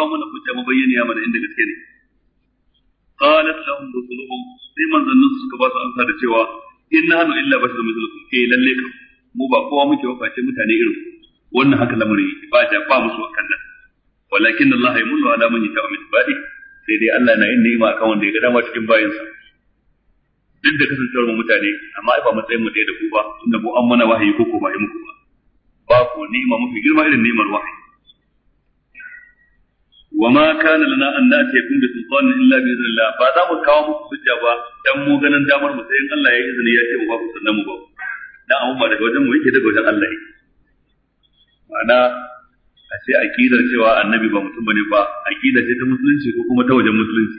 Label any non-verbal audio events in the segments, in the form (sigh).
kawo mana hujja mu bayyana ya mana inda gaske ne qalat lahum rusuluhum sai manzannin suka ba su amsa da cewa inna hanu illa basharun mithlukum eh lalle kam mu ba kowa muke ba face mutane irin wannan haka lamarin ba ja ba musu akan nan walakin Allah ya mulu ala man yata'am min ibadi sai dai Allah na yin ni'ima akan wanda ya ga dama cikin bayinsa duk da kasancewar mu mutane amma ai ba matsayin mu da ku ba tunda mu an mana wahayi ko ko ba yi muku ba ba ko ni'ima mafi girma irin ni'imar wahayi wa ma kana lana an kun bi sultanin illa bi idhnillah ba za mu kawo muku hujja ba dan mu ganin damar mu sai in Allah ya izini ya ce mu ba ku sannan mu ba dan abun ba daga wajen mu yake daga wajen Allah yake ma'ana a ce aqidar cewa annabi ba mutum bane ba aqida ce ta musulunci ko kuma ta wajen musulunci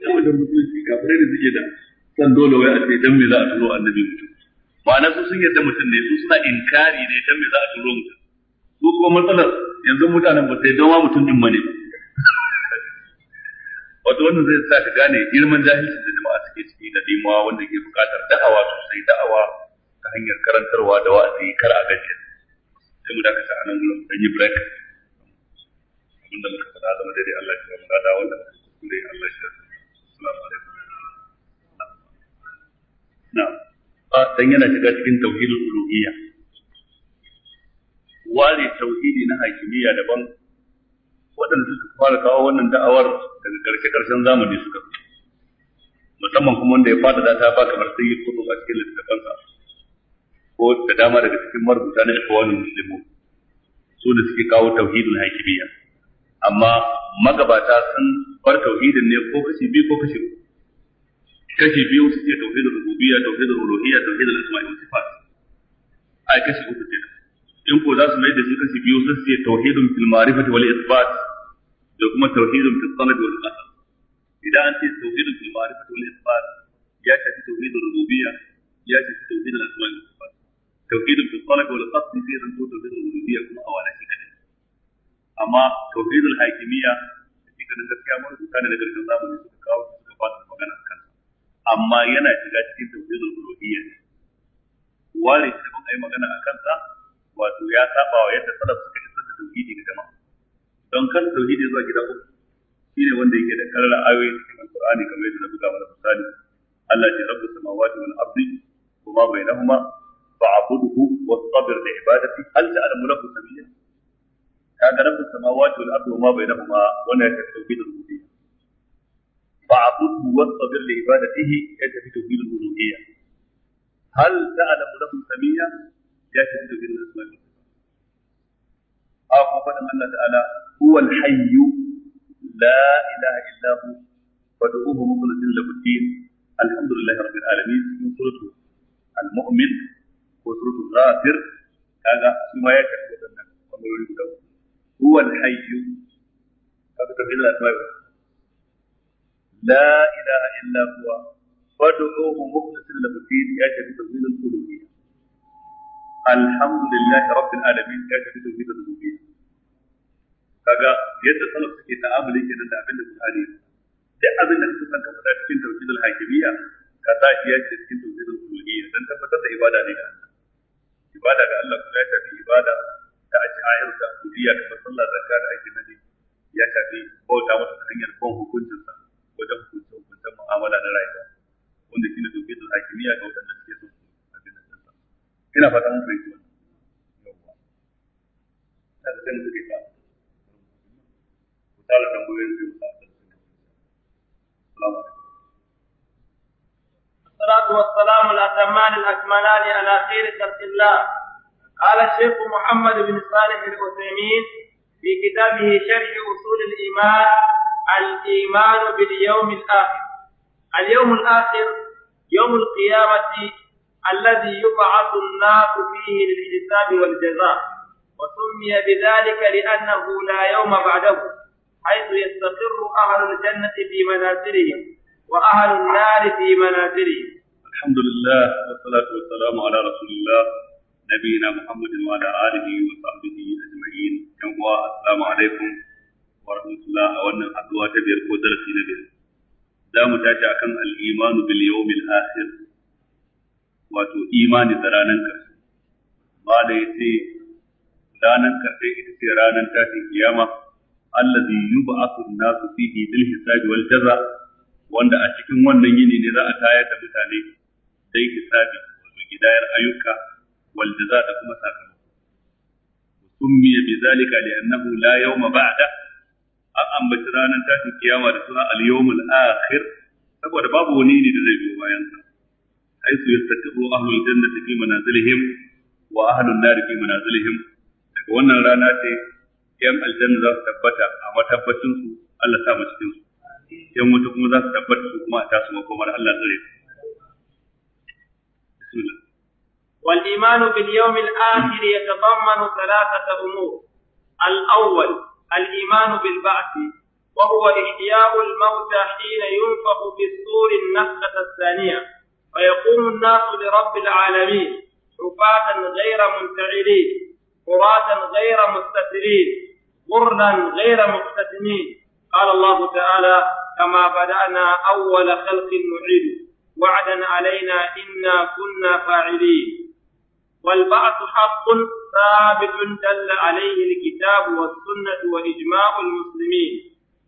ta wajen musulunci kafirai da suke da san dole wai a ce dan me za a turo annabi mutum ma'ana su sun yarda mutum ne su suna inkari ne dan me za a turo mutum ko kuma matsalar yanzu mutanen ba sai don wa mutum din bane wato wannan zai sa ka gane girman jahilci da jama'a suke ciki da dimuwa wanda ke bukatar da'awa sosai da'awa ta hanyar karantarwa da wa'azi kar a gaske. sai mu dakata a nan gurin dan yi break abinda muka faɗa zama daidai Allah ya ba da wannan kuskure Allah ya assalamu alaikum na'am ah, dan yana shiga cikin tauhidul uluhiyya ware tauhidi na hakimiyya daban waɗanda suka fara kawo wannan da'awar daga ƙarshe ƙarshen zamani suka musamman kuma wanda ya fada da ta ba kamar sai ya kudu a cikin littafansa ko da dama daga cikin marubuta na ikwanin muslimu su da suke kawo tauhidin hakimiyya amma magabata sun bar tauhidin ne ko kashi biyu ko kashi uku kashi biyu su ce tauhidin rububiyya tauhidin ruhiyya tauhidin asma'i wa sifat ai kashi uku kenan in ko za su mai da shi kashi biyu sai su ce tauhidun fil ma'rifati wal isbat da kuma tauhidun fil sanad wal qasam idan an ce tauhidun fil ma'rifati wal isbat ya shafi tauhidul rububiyya ya shafi tauhidul asma'i was sifat tauhidun fil sanad wal qasam sai zan to tauhidul rububiyya kuma a wala shi kadai amma tauhidul hakimiyya shi kadan gaskiya mun rubuta ne daga cikin zamani suka kawo suka fada magana kan amma yana shiga cikin tauhidul ne. ware shi kuma ai magana akan sa wato ya saba wa yadda salaf suka isar da tauhidi ga jama'a don kan tauhidi zuwa gida uku shine wanda yake da karar ayoyi cikin alqur'ani kamar yadda na buga mana misali Allah ya rabbus samawati wal ardi وما بينهما فاعبده واصطبر لعبادتي هل تعلم له سبيلا kaga rabu samawati wal ardi wama bainahuma wannan ya tauhid al rububiyya fa'budhu wastabir li ibadatihi ya tafi tauhid al uluhiyya hal ta'lamu lahu samiyya ya tafi da irin asma ne a ko faɗin Allah ta'ala huwa al-hayyu la ilaha illa hu fad'uhu mukhlishin lahu ad-din alhamdulillahi rabbil alamin cikin suratu al-mu'min ko suratu ghafir kaga shi ma ya tafi da wannan kamarori guda huwa al-hayyu kaga tafi da asma لا إله إلا هو فادعوه مخلصا له الدين يا شريك الدين الألوهية alhamdulillahi rabbil alamin ya tafi tauhid da rububiyya kaga yadda salaf suke ta'amuli kenan da abin da Bukhari duk abin da suka ka faɗa cikin tauhid al-hakimiyya ka sa shi ya ce cikin tauhid al-rububiyya dan tabbatar da ibada ne da Allah ibada ga Allah kuma ya tafi ibada ta ash'air da ubudiyya kamar sallah zakka da ake nade ya tafi bauta masa ta hanyar kon hukuncinsa wajen hukuncin mu'amala na rayuwa wanda shine tauhid al-hakimiyya ga wadanda ina fata mun fahimci wannan ta da sai mu take ta ku tambayoyin الصلاة والسلام الأتمان الأكملان على خير خلق الله قال الشيخ محمد بن صالح العثيمين في كتابه شرح أصول الإيمان الإيمان باليوم الآخر اليوم الآخر يوم القيامة الذي يبعث الناس فيه للحساب والجزاء وسمي بذلك لأنه لا يوم بعده حيث يستقر أهل الجنة في منازلهم وأهل النار في منازلهم الحمد لله والصلاة والسلام على رسول الله نبينا محمد وعلى آله وصحبه أجمعين يوم السلام عليكم ورحمة الله أولا أدوات بيركو درسي نبيل دام تاتي أكم الإيمان باليوم الآخر wato imani da ranar ƙarshe ba da ya ce ranar ƙarshe ita ce ranar tashin kiyama allazi yub'athu an-nasu fihi bil hisabi wal jaza wanda a cikin wannan yini ne za a tayar da mutane dai hisabi wato gidayar ayyuka wal jaza da kuma sakamako summiya bi zalika li'annahu la yawma ba'da an ambaci ranar tashin kiyama da suna al-yawmul akhir saboda babu wani ne da zai biyo bayan sa حيث يستقر أهل الجنة في منازلهم وأهل النار في منازلهم daga wannan rana ce yan aljanna za su tabbata a matabbacin su Allah ta mu cikin su yan wuta kuma za su tabbata su kuma a tasu makomar Allah tsare su bismillah wal iman bil yawm al akhir yatadammanu thalathata umur al awwal al iman bil ba'th وهو إحياء الموتى حين ينفخ في الصور النفخة الثانية ويقوم الناس لرب العالمين رفاة غير منتعلين قراة غير مستترين قرنا غير مقتسمين قال الله تعالى كما بدأنا أول خلق نعيد وعدا علينا إنا كنا فاعلين والبعث حق ثابت دل عليه الكتاب والسنة وإجماع المسلمين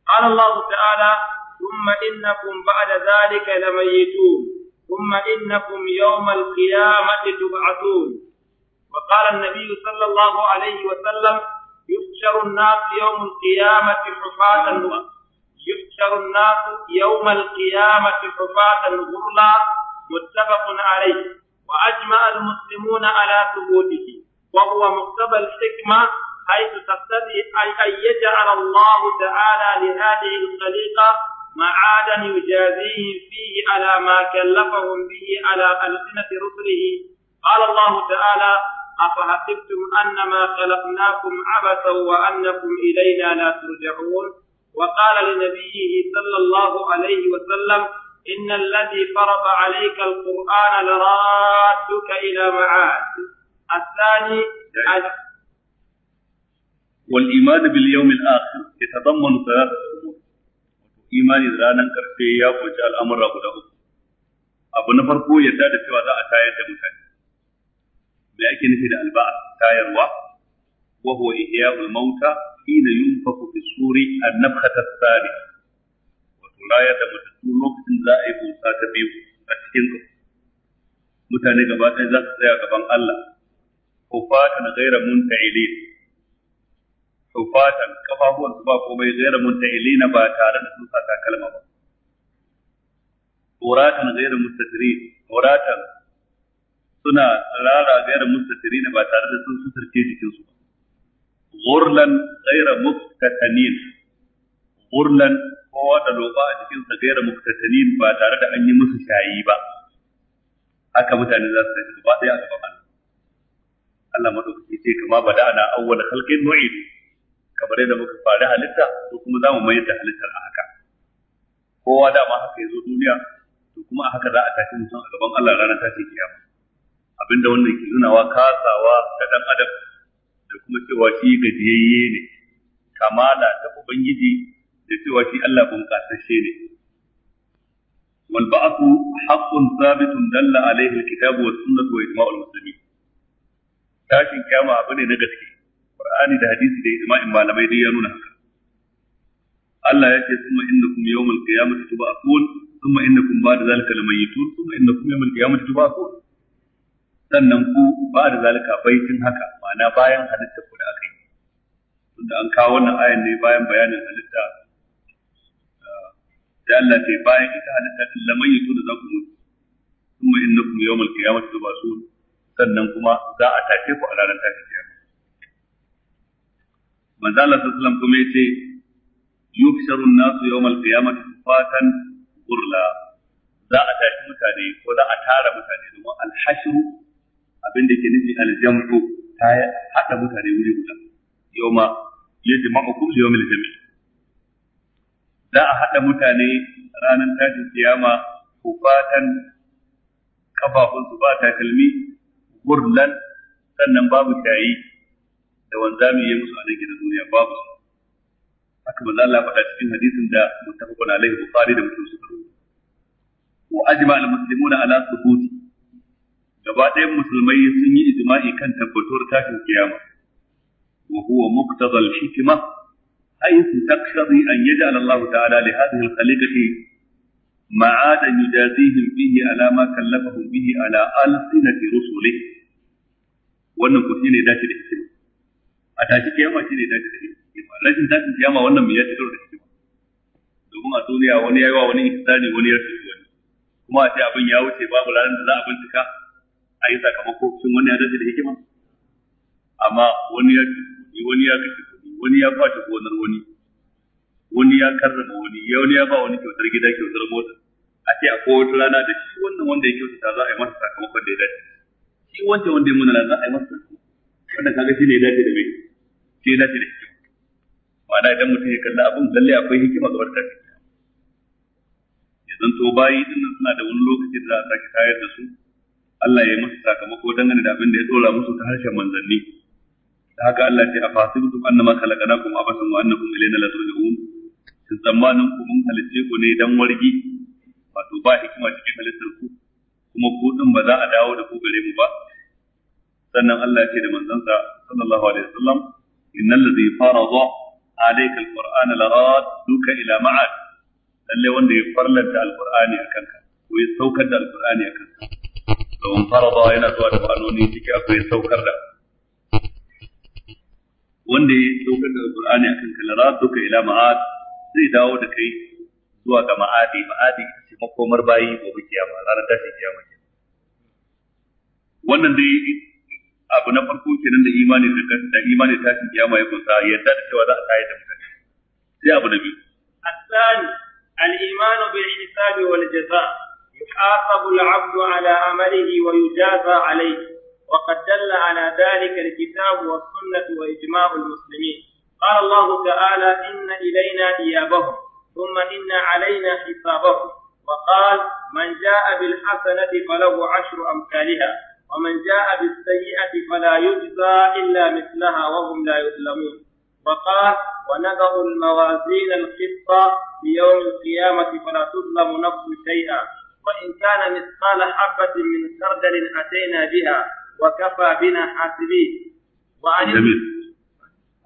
قال الله تعالى ثم إنكم بعد ذلك لميتون ثم إنكم يوم القيامة تبعثون وقال النبي صلى الله عليه وسلم يحشر الناس يوم القيامة حفاة يحشر الناس يوم القيامة حفاة غرلا متفق عليه وأجمع المسلمون على ثبوته وهو مقتضى الحكمة حيث تقتضي أن يجعل الله تعالى لهذه الخليقة معادا يجازيهم فيه على ما كلفهم به على ألسنة رسله قال الله تعالى أفحسبتم أنما خلقناكم عبثا وأنكم إلينا لا ترجعون وقال لنبيه صلى الله عليه وسلم إن الذي فرض عليك القرآن لرادك إلى معاد الثاني والإيمان باليوم الآخر يتضمن ثلاثة imani da ranar karshe ya kunshi al'amura guda uku abu na farko yadda da cewa za a tayar da mutane me ake nufi da alba'a tayarwa wa huwa ihya'ul mauta hina yunfaku fi suri an-nafkhata tsari wato raya da mutattu lokacin za a yi busa ta biyu a cikin mutane gaba ɗaya za su tsaya gaban Allah ko fata na gairar muntailin tufatan kafafuwan su ba komai gairar muntailina ba tare da sun saka kalma ba uratan gairar mustatiri uratan suna rara gairar mustatiri ba tare da sun sutarce jikin su gurlan gairar muktatanin gurlan kowa da loba a jikin sa gairar muktatanin ba tare da an yi musu shayi ba haka mutane za su tafi ba sai a gaban Allah Allah madaukaki ce kama ana awwal khalqin nu'idu kamar yadda muka faru halitta to kuma za mu mayar da halittar a haka kowa dama haka ya zo duniya to kuma a haka za a tashi mutum a gaban Allah ranar tashin kiyama abinda wannan ke nunawa kasawa ta dan adam da kuma cewa shi gajiyayye ne kamala ta ubangiji da cewa shi Allah bunƙasashe ne wal ba'athu haqqun thabitun dalla alaihi alkitabu was sunnah wa ijma'ul muslimin tashin kiyama abu ne na gaske Qur'ani da hadisi da ijma'in malamai dai ya nuna haka Allah ya ce summa innakum yawmal qiyamati tub'athun summa innakum ba'da zalika lamayitun summa innakum yawmal qiyamati tub'athun sannan ku ba'da zalika baitin haka ma'ana bayan halitta ku da aka yi tunda an kawo wannan ayan ne bayan bayanin halitta eh, da Allah ce bayan ita halitta din lamayitun da za ku mutu summa innakum yawmal qiyamati tub'athun sannan kuma za a tace ku a ranar tashin manzo Allah sallallahu alaihi wasallam kuma yace yuksharu an-nasu yawmal qiyamati fatan gurla za a tashi mutane ko za a tara mutane domin al-hashru abin da ke nufi al-jam'u ta hada mutane wuri guda yawma yajma'ukum li yawmil jam'i za a hada mutane ranar tashin kiyama kufatan kafafunsu ba takalmi gurlan sannan babu shayi da wanzami ya musu a nan gidan duniya babu su haka manzo Allah faɗa cikin hadisin da muttafaqun alaihi bukhari da muslim suka rubuta wa ajma al muslimuna ala thubuti gaba ɗayan musulmai sun yi ijma'i kan tabbatuwar tashin kiyama wa huwa muqtada al hikma حيث تقتضي أن يجعل الله تعالى لهذه الخليقة معادا يجازيهم به على ما كلفهم به على ألسنة رسله wannan ku ne dace da hikima a tashi kiyama shine tashi da kiyama rashin tashin kiyama wannan mai ya ci karo da shi domin a duniya wani yayi wa wani ihsani wani ya rubuta wani kuma a ce abin ya wuce babu ranar da za a bincika a yi sakamako shin wani ya dace da hikima amma wani ya wani ya kashe kuɗi wani ya kwace gonar wani wani ya karrama wani ya wani ya ba wani kyautar gida kyautar mota a ce a kowace rana da shi wannan wanda ya kyautata za a yi masa sakamakon da ya dace shi wancan wanda ya muna za a yi masa sakamakon wannan kaga shi ne ya dace da mai sai ya dace da hikima ma'ana idan mutum ya kalli abin lalle akwai hikima ga barka ya zanto bayi din nan suna da wani lokaci da za a sake tayar da su Allah ya yi masa sakamako dangane da abin da ya dora musu ta harshen manzanni da haka Allah ce a su fasibtum kuma khalaqnakum abasan wa annakum ilayna la turja'un sun tsammanin ku mun halice ku ne dan wargi wato ba hikima cikin halittar ku kuma ku din ba za a dawo da ku gare mu ba sannan Allah ya ce da manzansa sallallahu alaihi wasallam إن الذي فرض عليك القرآن لرادك إلى معاد lalle wanda ya farlanta alqur'ani akan ka ya saukar da alqur'ani akan ka don farada yana zuwa da ma'anoni ciki akwai saukar da wanda ya saukar da alqur'ani akan ka laraduka ila ma'ad zai dawo da kai zuwa ga ma'adi ma'adi makomar bayi gobe kiyama ranar abu na farko kenan da imani da imani tashin kiyama ya kunsa yadda da cewa za a tayar da mutane sai abu na biyu الثاني الإيمان بالحساب والجزاء يحاسب العبد على عمله ويجازى عليه وقد دل على ذلك الكتاب والسنة وإجماع المسلمين قال الله تعالى إن إلينا إيابهم ثم إن علينا حسابهم وقال من جاء بالحسنة فله عشر أمثالها ومن جاء بالسيئة فلا يجزى إلا مثلها وهم لا يظلمون وقال ونضع الموازين القسط ليوم القيامة فلا تظلم نفس شيئا وإن كان مثقال حبة من خردل أتينا بها وكفى بنا حاسبين وعن جميل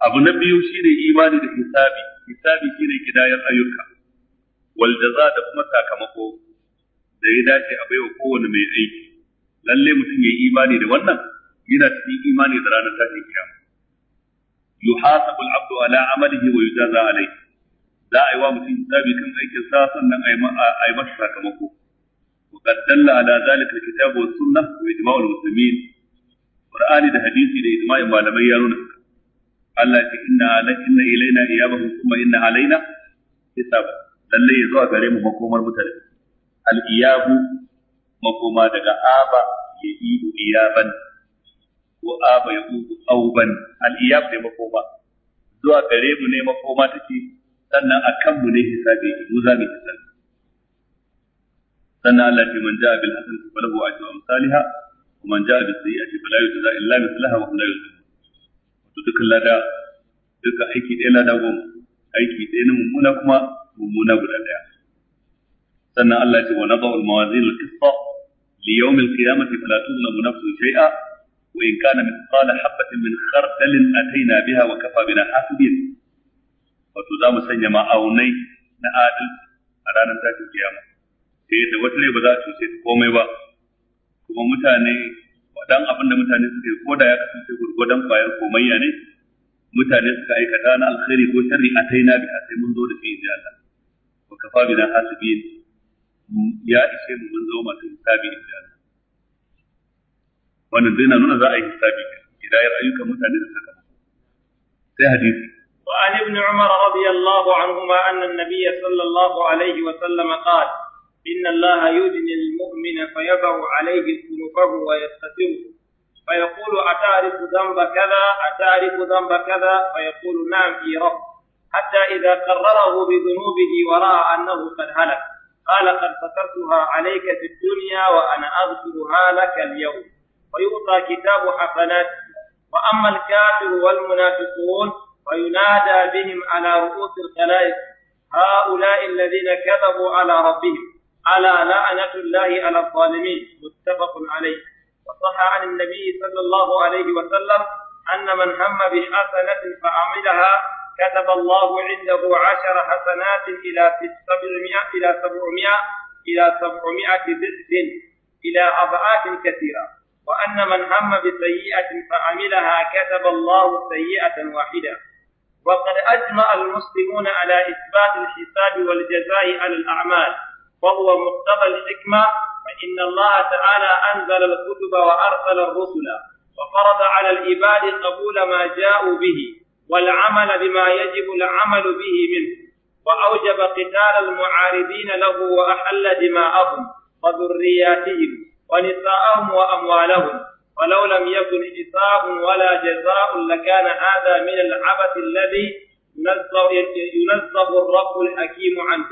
أبو نبي شيني إيماني لحسابي حسابي شيني كداية أيوكا والجزاء da kuma sakamako da ya dace a baiwa kowane mai aiki lalle mutum ya yi imani da wannan yana cikin imani da ranar tashin kiyama yuhasabu al-abdu ala amalihi wa yujaza alayhi za a yi wa mutum hisabi kan aikin sa sannan a yi masa sakamako وقد دل على ذلك الكتاب والسنة وإجماع المسلمين قرآن ده حديثي ده malamai ya nuna. Allah ce inna alaina inna ilaina iyabahum kuma inna alaina hisab lalle yazo a gare mu makomar mutane al iyabu makoma daga aba ya ibu iyaban ko aba ya ibu auban al-iyab ne makoma zuwa gare mu ne makoma take sannan akan mu ne hisabi mu za mu hisabi sannan Allah ya man ja'a bil hasan falahu ajru amsalha wa man ja'a bis sayyi'ati fala yujza illa mithlaha wa la yuzlam to dukkan lada duka aiki ɗaya lada goma aiki ɗaya na mummuna kuma mummuna guda ɗaya sannan Allah ya ce wa nadawul mawazinul mawazin qisṭa ليوم القيامة فلا تظلم نفس شيئا وإن كان مثقال حبة من خردل أتينا بها وكفى بنا حاسبين wato za mu sanya ma'aunai na adalci a ranar tashin kiyama sai yadda wata ne ba za a cuce komai ba kuma mutane wadan abin da mutane ko da ya kasance gurgudan kwayar komayya ne mutane suka aikata na alkhairi ko sharri a taina sai mun zo da ya ishe mu mun zama masu hisabi inda Allah wannan dai na nuna za a yi hisabi idayar ayyukan mutane da suka sai hadisi وعن ابن عمر رضي الله عنهما أن النبي صلى الله عليه وسلم قال إن الله يدني المؤمن فيضع عليه ذنوبه ويستتره فيقول أتعرف ذنب كذا أتعرف ذنب كذا فيقول نعم في رب حتى إذا قرره بذنوبه ورأى أنه قد هلك قال قد فترتها عليك في الدنيا وأنا أغفرها لك اليوم ويعطى كتاب حسنات وأما الكافر والمنافقون وينادى بهم على رؤوس الخلائق هؤلاء الذين كذبوا على ربهم ألا لعنة الله على الظالمين متفق عليه وصح عن النبي صلى الله عليه وسلم أن من هم بحسنة فعملها كتب الله عنده عشر حسنات إلى سبعمائة إلى سبعمائة إلى سبعمائة ضعف إلى أضعاف كثيرة وأن من هم بسيئة فعملها كتب الله سيئة واحدة وقد أجمع المسلمون على إثبات الحساب والجزاء على الأعمال وهو مقتضى الحكمة فإن الله تعالى أنزل الكتب وأرسل الرسل وفرض على العباد قبول ما جاءوا به والعمل بما يجب العمل به منه وأوجب قتال المعارضين له وأحل دماءهم وذرياتهم ونساءهم وأموالهم ولو لم يكن حساب ولا جزاء لكان هذا من العبث الذي ينزه الرب الحكيم عنه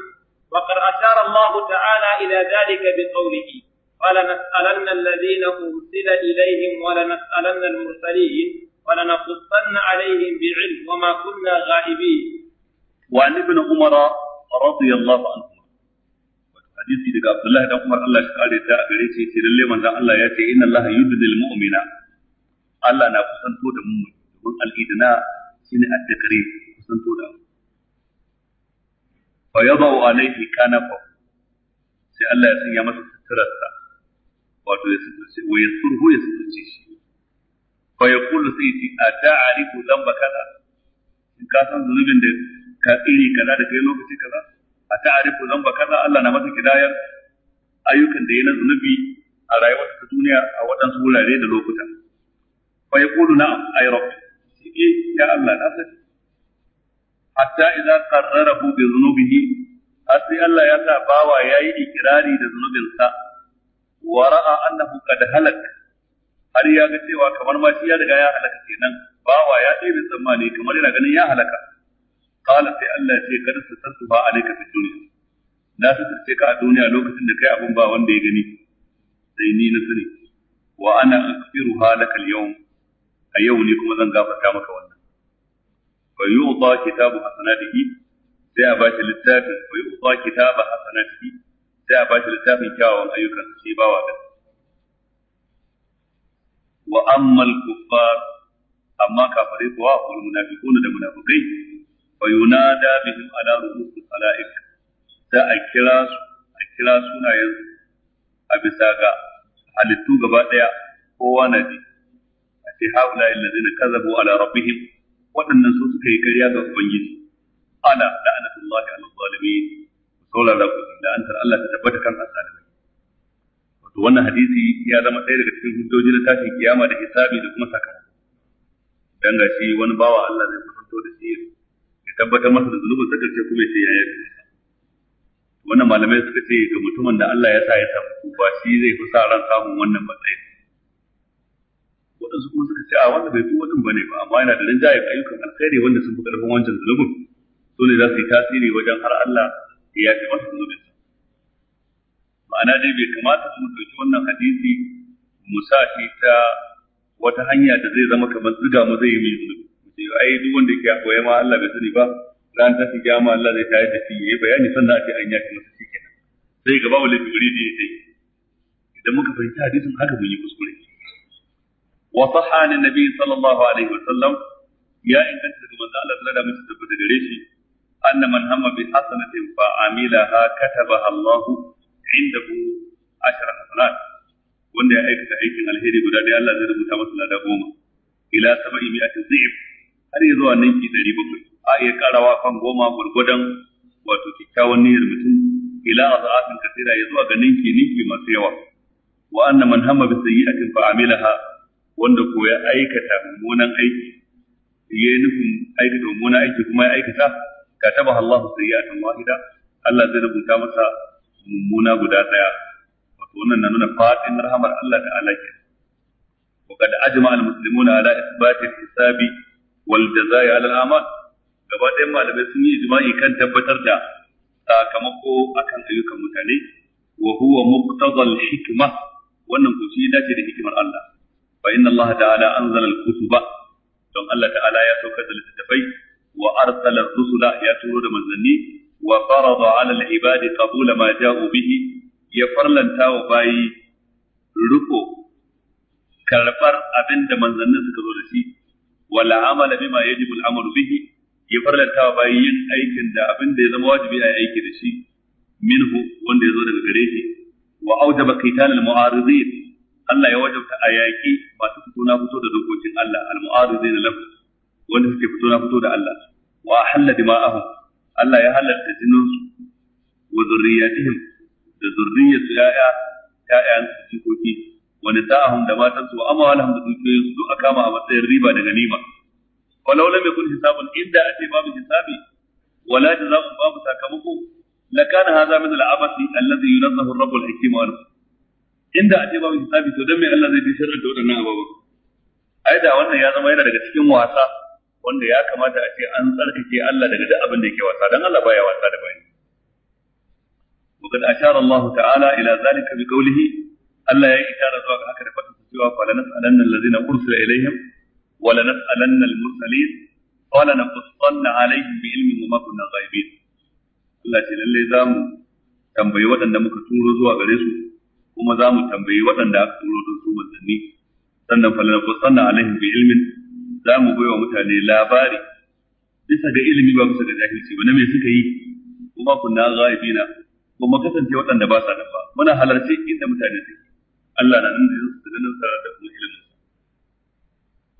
وقد أشار الله تعالى إلى ذلك بقوله ولنسألن الذين أرسل إليهم ولنسألن المرسلين فلنقصن عليهم بعلم وما كنا غائبين وعن ابن عمر رضي الله عنه hadisi daga Abdullah dan Umar Allah ya kare ta a gare shi ce lalle manzon Allah ya ce inna Allah yudnil mu'mina Allah na kusanto da mu'min domin al da sai Allah ya sanya masa suturarsa wato ya suturce wa yasurhu ya suturce shi fa yaqulu sai a ti ata'rifu dhanba kaza in ka san zunubin da ka tsire kaza da kai lokaci kaza ata'rifu dhanba kaza Allah na masa kidayar ayyukan da na zunubi a rayuwar ta duniya a waɗansu wurare da lokuta fa yaqulu na ay rabbi eh ya Allah na sani hatta idza qarrarahu bi dhunubihi asli Allah ya sa bawa yayi ikirari da zunubinsa wa ra'a annahu qad halaka har ya ga cewa kamar ma shi ya riga ya halaka kenan bawa ya ɗebe tsammani kamar yana ganin ya halaka qala sai Allah ya ce kad satantu ba alayka fi dunya na sace ka a duniya lokacin da kai abun ba wanda ya gani sai ni na sani wa ana aghfiruha lakal yau? a yau ne kuma zan gafarta maka wannan fa uba kitabu hasanatihi sai a bashi littafin fa yu'ta kitabu hasanatihi sai a bashi littafin kyawawan ayyukan sai bawa gani. wa ammal kuffar amma kafirai kuwa wal munafiquna da munafikai fa yunada bihim ala ru'usil khala'iq da a kira su a kira sunayen a bisa ga halittu gaba daya kowa na ji a ce haula alladhina kazabu ala rabbihim waɗannan su suka yi ƙarya ga ubangiji ana la'anatullahi ala la'antar Allah ta to wannan hadisi ya zama ɗaya daga cikin hujjoji na tashin kiyama da hisabi da kuma sakamako dan ga shi wani bawa Allah zai kusanto da shi ya tabbatar masa da zunubin sakar ce kuma ce ya yi wannan malamai suka ce ga mutumin da Allah ya sa ya samu kuma shi zai fi sa ran samun wannan matsayi waɗansu kuma suka ce a wanda bai wajen din bane ba amma yana da rinjayen ayyukan alkhairi wanda sun fi ƙarfin wancan zunubin su ne za su yi tasiri wajen har Allah ya yafe masa zunubin ma'ana dai bai kamata su ɗauki wannan hadisi mu sa shi ta wata hanya da zai zama kamar ziga mu zai yi mai zunubi sai ai duk wanda ke akwai ma Allah bai sani ba ran ta fi kiyama Allah zai tayar da shi yayi bayani sannan a ce an yaki masa shikenan sai gaba wala jibril da yayi idan muka fahimci hadisin haka mun yi kuskure wa sahha nabi sallallahu alaihi wasallam ya inganta daga manzo Allah da mutum tabbata gare shi anna man hamma bi hasanatin fa amilaha katabaha Allahu indahu ashara hasanat wanda ya aikata aikin alheri guda ɗaya Allah zai rubuta masa lada goma ila saba'i mi'atin zif har ya zuwa ninki ɗari bakwai a iya karawa kan goma gwargwadon wato kyakkyawan niyyar mutum ila azafin kasira ya zuwa ga ninki ninki masu yawa wa anna man hamma bi sayyi'atin fa amilaha wanda ya aikata mummunan aiki ya yi kuma ya aikata katabaha wahida Allah zai mummuna guda daya wato wannan na nuna fadin rahamar Allah ta'ala ke وقد أجمع المسلمون على إثبات الحساب والجزاء على الأعمال gaba ɗayan malamai sun yi jima'i kan tabbatar da sakamako akan ayyukan mutane wa huwa muqtadal hikma wannan ko shi dace da hikimar Allah fa inna Allah ta'ala anzala al-kutuba don Allah ta'ala ya saukar da littattafai wa arsala rusula ya turo da manzanni wa farada ala al-ibad qabula ma ja'u bihi ya farlanta wa bayi ruko karbar abinda manzannin suka zo da shi wala amala bima yajibu al bihi ya farlanta wa yin aikin da abinda ya zama wajibi a aiki da shi minhu wanda ya zo daga gare shi wa aujaba qital al Allah ya wajabta a yaƙi masu fito na fito da dokokin Allah wanda fito na fito da Allah wa Allah ya halatta jinin su wa zurriyatihim da zurriyar su ya'ya ya'yan su jikoki wa nisa'ahum da matan su wa amwalahum da dukiyoyin su duk akama a matsayin riba daga nima. ganima walau lam yakun hisabun inda ake babu hisabi wala jazaa'un babu sakamako lakana hadha min al-abasi alladhi yunazzahu ar-rabb al-hakim wa inda ake babu hisabi to dan me Allah zai bi sharri da wadannan ababen ai da wannan ya zama yana daga cikin wasa wanda ya kamata a ce an tsarkake Allah daga duk abin da yake wasa dan Allah baya wasa da bayani وقد أشار الله تعالى إلى ذلك بقوله ألا يشار ذوق هكذا فتح سوى فلنسألن الذين أرسل إليهم ولنسألن المرسلين ولنقصن عليهم بعلم وما كنا غائبين Allah ce lallai za mu tambayi waɗanda muka turo zuwa gare su kuma za mu tambayi waɗanda aka turo don su manzanni sannan falana kusanna alaihim bi za mu baiwa mutane labari bisa ga ilimi ba bisa ga jahilci ba na me suka yi kuma kunna ghaibina kuma kasance waɗanda ba sa nan ba muna halarci inda mutane suke Allah na nan da yin su ganin sa da kuma ilimin sa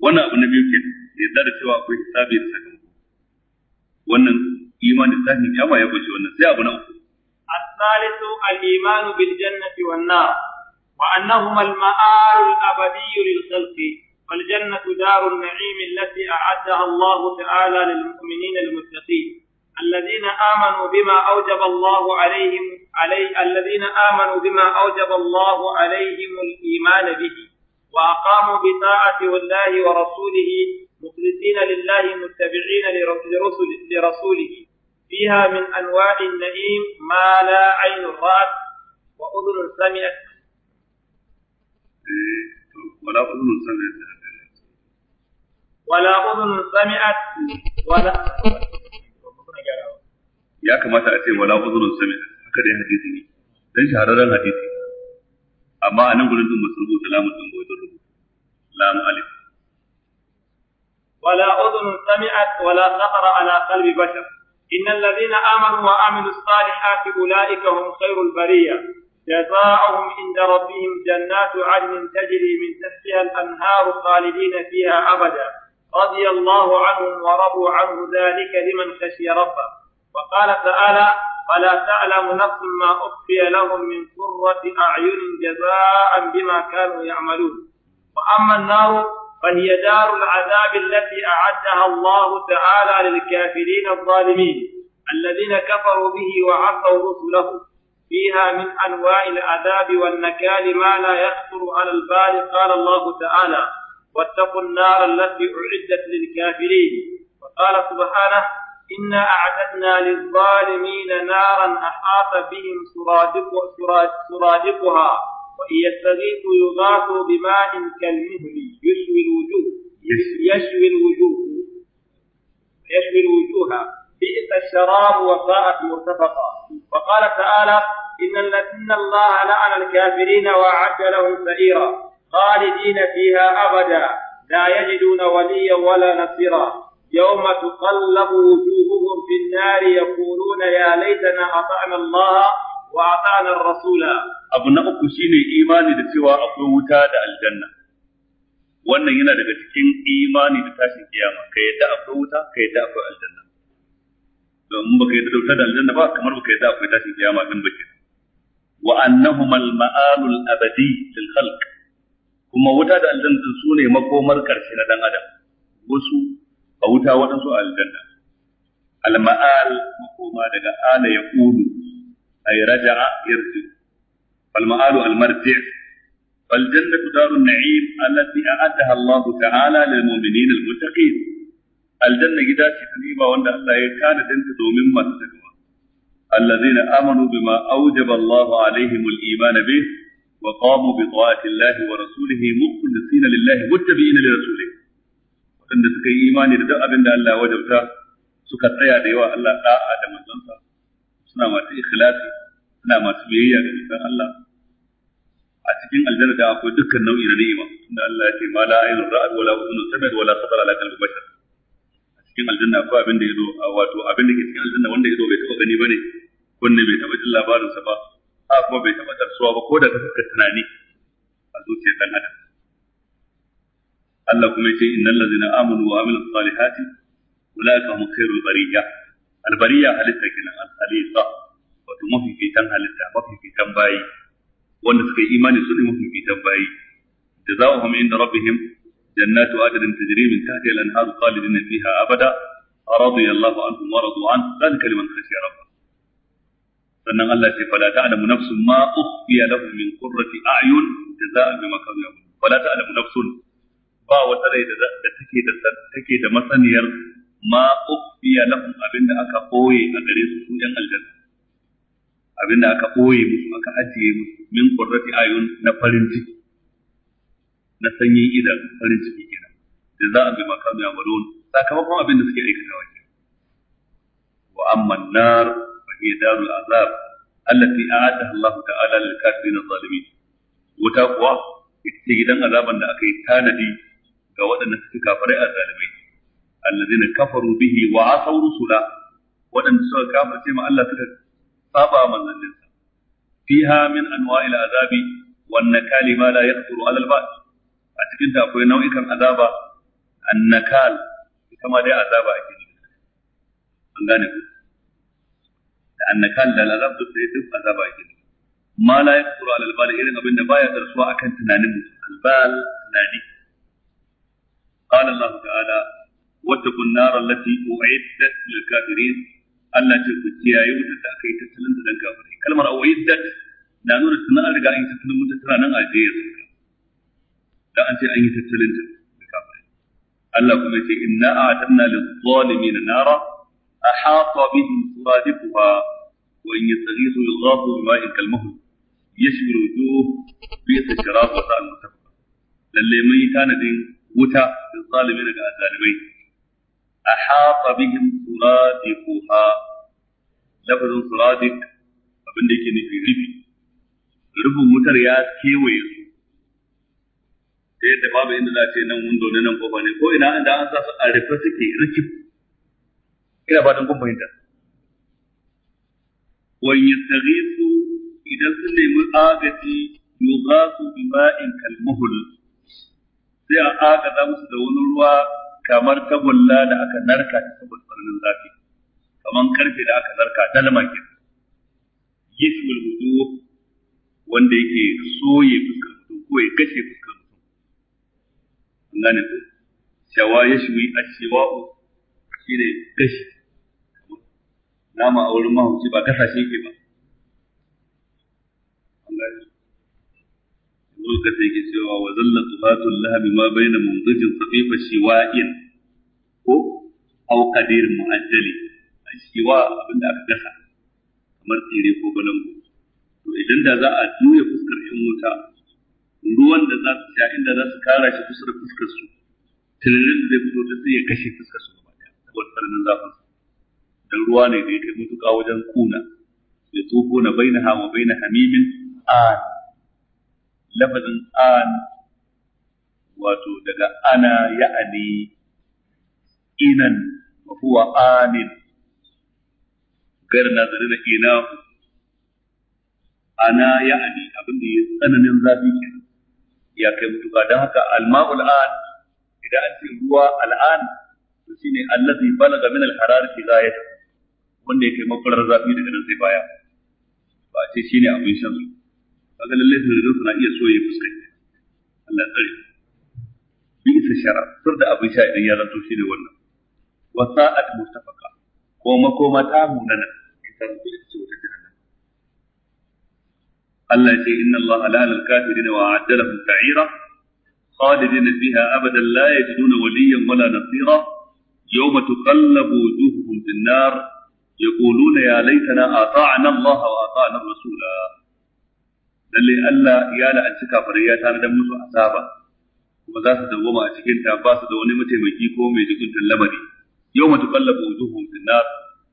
wannan abu na biyu ke yadda da cewa akwai hisabi da sakamako wannan imani sahin kyama ya gushe wannan sai abu na uku الثالث الإيمان بالجنة والنار وأنهما المآل الأبدي للخلق والجنة دار النعيم التي أعدها الله تعالى للمؤمنين المتقين الذين آمنوا بما أوجب الله عليهم علي الذين آمنوا بما أوجب الله عليهم الإيمان به وأقاموا بطاعة الله ورسوله مخلصين لله متبعين لرسول لرسوله فيها من أنواع النعيم ما لا عين رأت وأذن سمعت ولا أذن سمعت ولا أذن سمعت ولا يا كما تأتي ولا أذن سمعت هكذا حديثي ليس هذا حديثي أما أنا أقول لكم مسلوب سلام لا مؤلف ولا أذن سمعت ولا خطر على قلب بشر إن الذين آمنوا وعملوا الصالحات أولئك هم خير البرية جزاؤهم عند ربهم جنات عدن تجري من تحتها الأنهار خالدين فيها أبدا رضي الله عنهم ورضوا عنه ذلك لمن خشي ربه وقال تعالى فلا تعلم نفس ما أخفي لهم من قرة أعين جزاء بما كانوا يعملون وأما النار فهي دار العذاب التي أعدها الله تعالى للكافرين الظالمين الذين كفروا به وعصوا رسله فيها من أنواع العذاب والنكال ما لا يخطر على البال قال الله تعالى واتقوا النار التي أعدت للكافرين وقال سبحانه إنا أعددنا للظالمين نارا أحاط بهم سرادق سرادقها وإن يستغيثوا يغاثوا بماء كالمهل يشوي الوجوه يشوي الوجوه يشوي الوجوه بئس الشراب وساءت مرتفقا وقال تعالى إن الذين الله لعن الكافرين وأعد لهم سعيرا خالدين فيها أبدا لا يجدون وليا ولا نصيرا يوم تقلب وجوههم في النار يقولون يا ليتنا أطعنا الله وأطعنا الرسول abu na uku shine imani da cewa akwai wuta da aljanna wannan yana daga cikin imani da tashin kiyama Kai yadda akwai wuta kai yadda akwai aljanna domin baka yadda da wuta da aljanna ba kamar baka yadda akwai tashin kiyama din ba wa annahum ma'alul abadi lil khalq kuma wuta da aljanna din sune makomar ƙarshe na ɗan adam wasu a wuta waɗansu a aljanna al-ma'al makoma daga ala a yi raja'a yarji al-ma'al al-marji فالجنة دار النعيم التي أعدها الله تعالى للمؤمنين المتقين الجنة جدا شتنيبا وأن الله كان دنت دومين ما الذين آمنوا بما أوجب الله عليهم الإيمان به وقاموا بطاعة الله ورسوله مخلصين لله متبعين لرسوله وأن سكي إيماني لدى أبن الله وجبتا suka tsaya da yawa Allah da'a da manzansa suna masu ikhlasi suna masu biyayya ga manzon Allah a cikin aljanna da akwai dukkan nau'i na ni'ima tunda Allah ya ce ma la aynu ra'at wala udhun sami'at wala khatar ala qalbi bashar a cikin aljanna akwai abin da yazo wato abin da ke cikin aljanna wanda bai gani bai jin labarin ba a kuma bai taɓa karsuwa ba ko da ta fuskar tunani a zuciyar dan adam Allah kuma yace innal ladzina amanu wa amilus salihati ulaika hum khairul bariyya al bariyya halitta kenan al khaliqa wato mafifitan halitta mafifitan bayi wanda suka yi imani su ne mafifitan bayi jazaohum inda rabbihim jannatu adnin tajri min tahtiha al anhar khalidin fiha abada رضي الله عنهم ورضوا عنه ذلك لمن خشي ربه sannan Allah ce fala ta'lamu nafsun ma ukhfiya lahum min qurrati a'yun jazaa'an bima kanu ya'malun fala ta'lamu nafsun ba wata rai da take da take da masaniyar ma ukhfiya lahum abinda aka boye a gare su su yan aljanna abinda aka boye musu aka ajiye musu min qurrati a'yun na farin ciki na sanyin idan farin ciki kenan jazaa'an bima kanu ya'malun sakamakon abinda suke aikatawa kenan wa amma nar هي دار العذاب التي أعادها الله تعالى للكافرين الظالمين وتقوى ita gidan azaban da aka yi tanadi ga waɗanda suka kafare a zalimai allazina kafaru bihi wa asaw rusula waɗanda suka kafirce ma Allah suka saba manzanninsa fiha min anwa'il azabi wan nakali ma la yaqdiru ala al a cikin akwai nau'ikan azaba annakal ita dai ake an gane ku anna kan da al'azab sai duk azaba ke ma la yakfuru al bal irin abin da baya karsuwa akan tunanin mutum al bal tunani qala Allah ta'ala wattaqun nar allati u'iddat lil kafirin Allah ce ku kiyaye wutar da aka yi tattalin da kafirai kalmar u'iddat na nuna tunan an riga an yi tattalin wutar tana nan da an ce Allah ce يخالفها وإن يستغيثوا يغاثوا بماء كالمهل يشبه الوجوه بئس الشراب وساء المرتفقة للي من كان دين وتا للظالمين كالظالمين أحاط بهم سرادقها لفظ سرادق abin da yake nufi rufi rufin wutar ya kewaye babu inda za a ce nan windo ne nan kofa ne ko ina inda an sa su a rufe suke rikif ina fatan kun fahimta wa yastaghisu idan sun nemi agaji yughasu bima'in kalmuhul sai a agaza musu da wani ruwa kamar tagulla da aka narka ta saboda zafi kamar karfe da aka narka dalma ke yishul wudu wanda yake soye fuskar mutum ko ya kashe fuskar mutum an gane ko shawa yashwi ash-shiwa shine kashi nama a wurin mahauci ba gasa shi ke ba Zulka ta yake cewa wa zalla tufatul lahabi ma baina munzijin safifa shiwa'in ko au qadirin mu'ajjali shiwa abinda aka gasa kamar tsire ko balangu to idan da za a juya fuskar yan wuta ruwan da za su sha inda za su kara shi kusa da fuskar su tunanin da zai fito ta sai ya kashe fuskar su gaba daya saboda tsananin zafin su dan ruwa ne da ya kai mutuka wajen kuna ya tofo na bainaha wa baina hamimin an lafazin an wato daga ana ya'ani inan wa huwa anin gar da ina ana ya'ani abinda ya tsananin zafi kenan ya kai mutuka don haka alma'ul an idan an ce ruwa al'an to shine allazi balaga min al-hararati ghayatuhu wanda ya kai makwarar zafi daga nan sai baya ba ce shi ne abin shan su kaga lallai sanadin suna iya soye ya fuskanci Allah tsare bi isa shara sur da abin sha idan ya zanto shi ne wannan wa sa'at mustafaka ko makoma ta munana ita ce ce wata jahannam Allah ya ce inna Allah la'ana al-kafirin wa a'adda ta'ira sa'ira خالدين فيها أبدا لا يجدون وليا ولا نصيرا يوم تقلب وجوههم في النار يقولون يا ليتنا أطعنا الله وأطعنا الرسول lalle Allah ya la'anci kafirai ya tana dan musu azaba kuma za su dawwama a cikin ta ba su da wani mataimaki ko mai jikuntar lamari yau matu kallafa wujuhum fil nar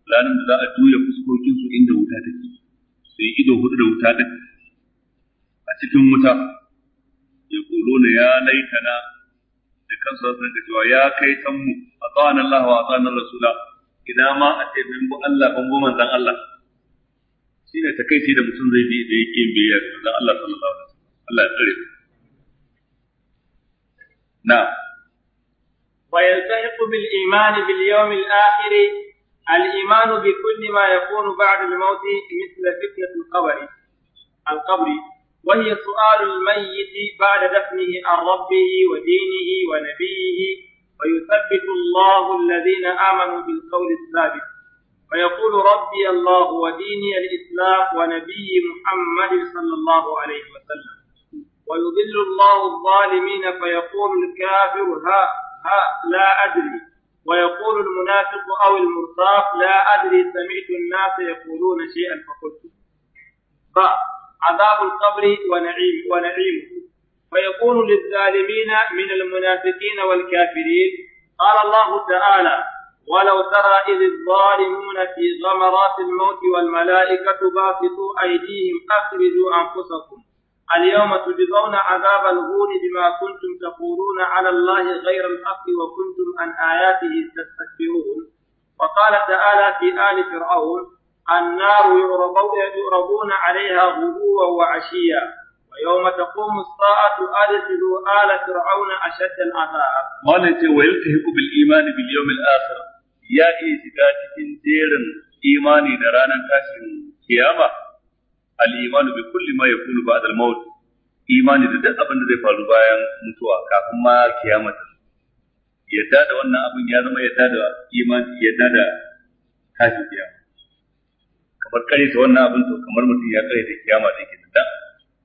ranar da za a juya fuskokin inda wuta take su yi ido hudu da wuta duk a cikin wuta ya da su ya kai tanmu a tsawon Allah a idan ma a ce bin bu Allah ban bu manzon Allah shine takeici da mutum zai bi da yake biyayya ga manzon Allah sallallahu alaihi wasallam Allah ya tsare na ويلتحق بالإيمان باليوم الآخر الإيمان بكل ما يكون بعد الموت مثل فتنة القبر القبر وهي سؤال الميت بعد دفنه عن ربه ودينه ونبيه ويثبت الله الذين آمنوا بالقول الثابت ويقول ربي الله وديني الإسلام ونبي محمد صلى الله عليه وسلم ويضل الله الظالمين فيقول الكافر ها ها لا أدري ويقول المنافق أو المرتاق لا أدري سمعت الناس يقولون شيئا فقلت فعذاب القبر ونعيم ونعيمه فيكون للظالمين من المنافقين والكافرين قال الله تعالى ولو ترى إذ الظالمون في غمرات الموت والملائكة باسطوا أيديهم أخرجوا أنفسكم اليوم تجزون عذاب الغول بما كنتم تقولون على الله غير الحق وكنتم عن آياته تستكبرون وقال تعالى في آل فرعون النار يعرضون عليها غدوا وعشيا يوم تقوم الساعة أدخلوا آل فرعون أشد العذاب ما نتي ويلتهق بالإيمان باليوم الآخر يا إيجدا تكن ديرن إيماني درانا كاشن قيامة الإيمان بكل ما يكون بعد الموت imani da duk abin da zai faru bayan mutuwa kafin ma kiyama ta yadda da wannan abin ya zama yadda da imani yadda da kiyama kamar kare ta wannan abin to kamar mutum ya kare da kiyama da ke da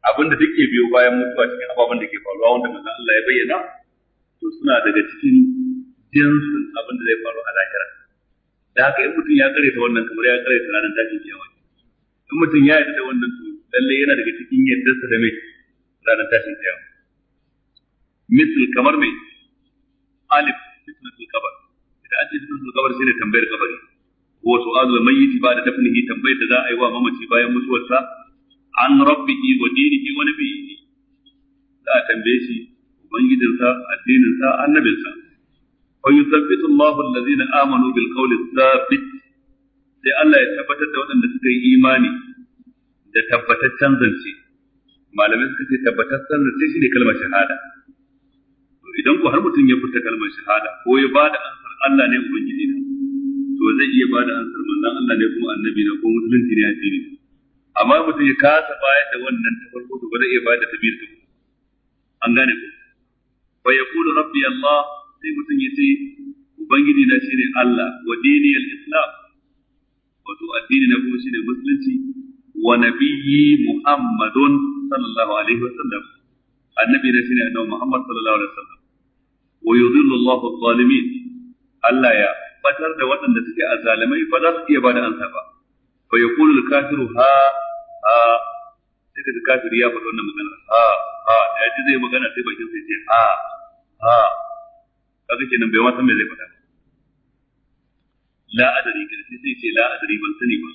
abin da duk ke biyo bayan mutuwa cikin ababen da ke faruwa wanda manzon Allah ya bayyana to suna daga cikin jinsin abin da zai faru a lahira da haka in mutum ya kare ta wannan kamar ya kare ta ranar tashin kiyama in mutum ya yarda da wannan to lalle yana daga cikin sa da mai ranar tashin kiyama misal kamar mai alif fitnatul qabr idan an ce fitnatul qabr shine tambayar kabari wa su'alul mayyit ba da tafnihi tambayar da za a yi wa mamaci bayan mutuwarsa an rabbihi wa dinihi wa nabiyhi da tambaye shi ubangijinsa addininsa annabinsa wa yuthabbitu Allahu alladhina amanu bil qawli thabit sai Allah ya tabbatar da waɗanda suka yi imani da tabbataccen zance malamai suka ce tabbataccen zance shine kalmar shahada to idan ko har mutum ya furta kalmar shahada ko ya bada ansar Allah ne ubangiji na to zai iya bada ansar manzon Allah ne kuma annabi na ko musulunci ne addini ne amma mutum ya kasa bayar da wannan ta farko to ba zai iya bayar da ta biyu ta an gane ku fa yaqulu rabbi allah sai mutum ya ce ubangiji na shine allah wa dini al-islam wato addini na kuma shine musulunci wa nabiyyi muhammadun sallallahu alaihi wasallam annabi na shine annabi muhammad sallallahu alaihi wasallam wa yudhillu allah adh-dhalimin allah ya batar da waɗanda suke azzalimai ba za su iya bada ansa ba fa yaqulu al-kafiru ha ha sai ka ya faɗi wannan magana ha ha da ya ji zai magana sai bakin sai ce ha ha kaga kenan bai ma san zai faɗa ba la adari kirsi sai ce la adari ban sani ba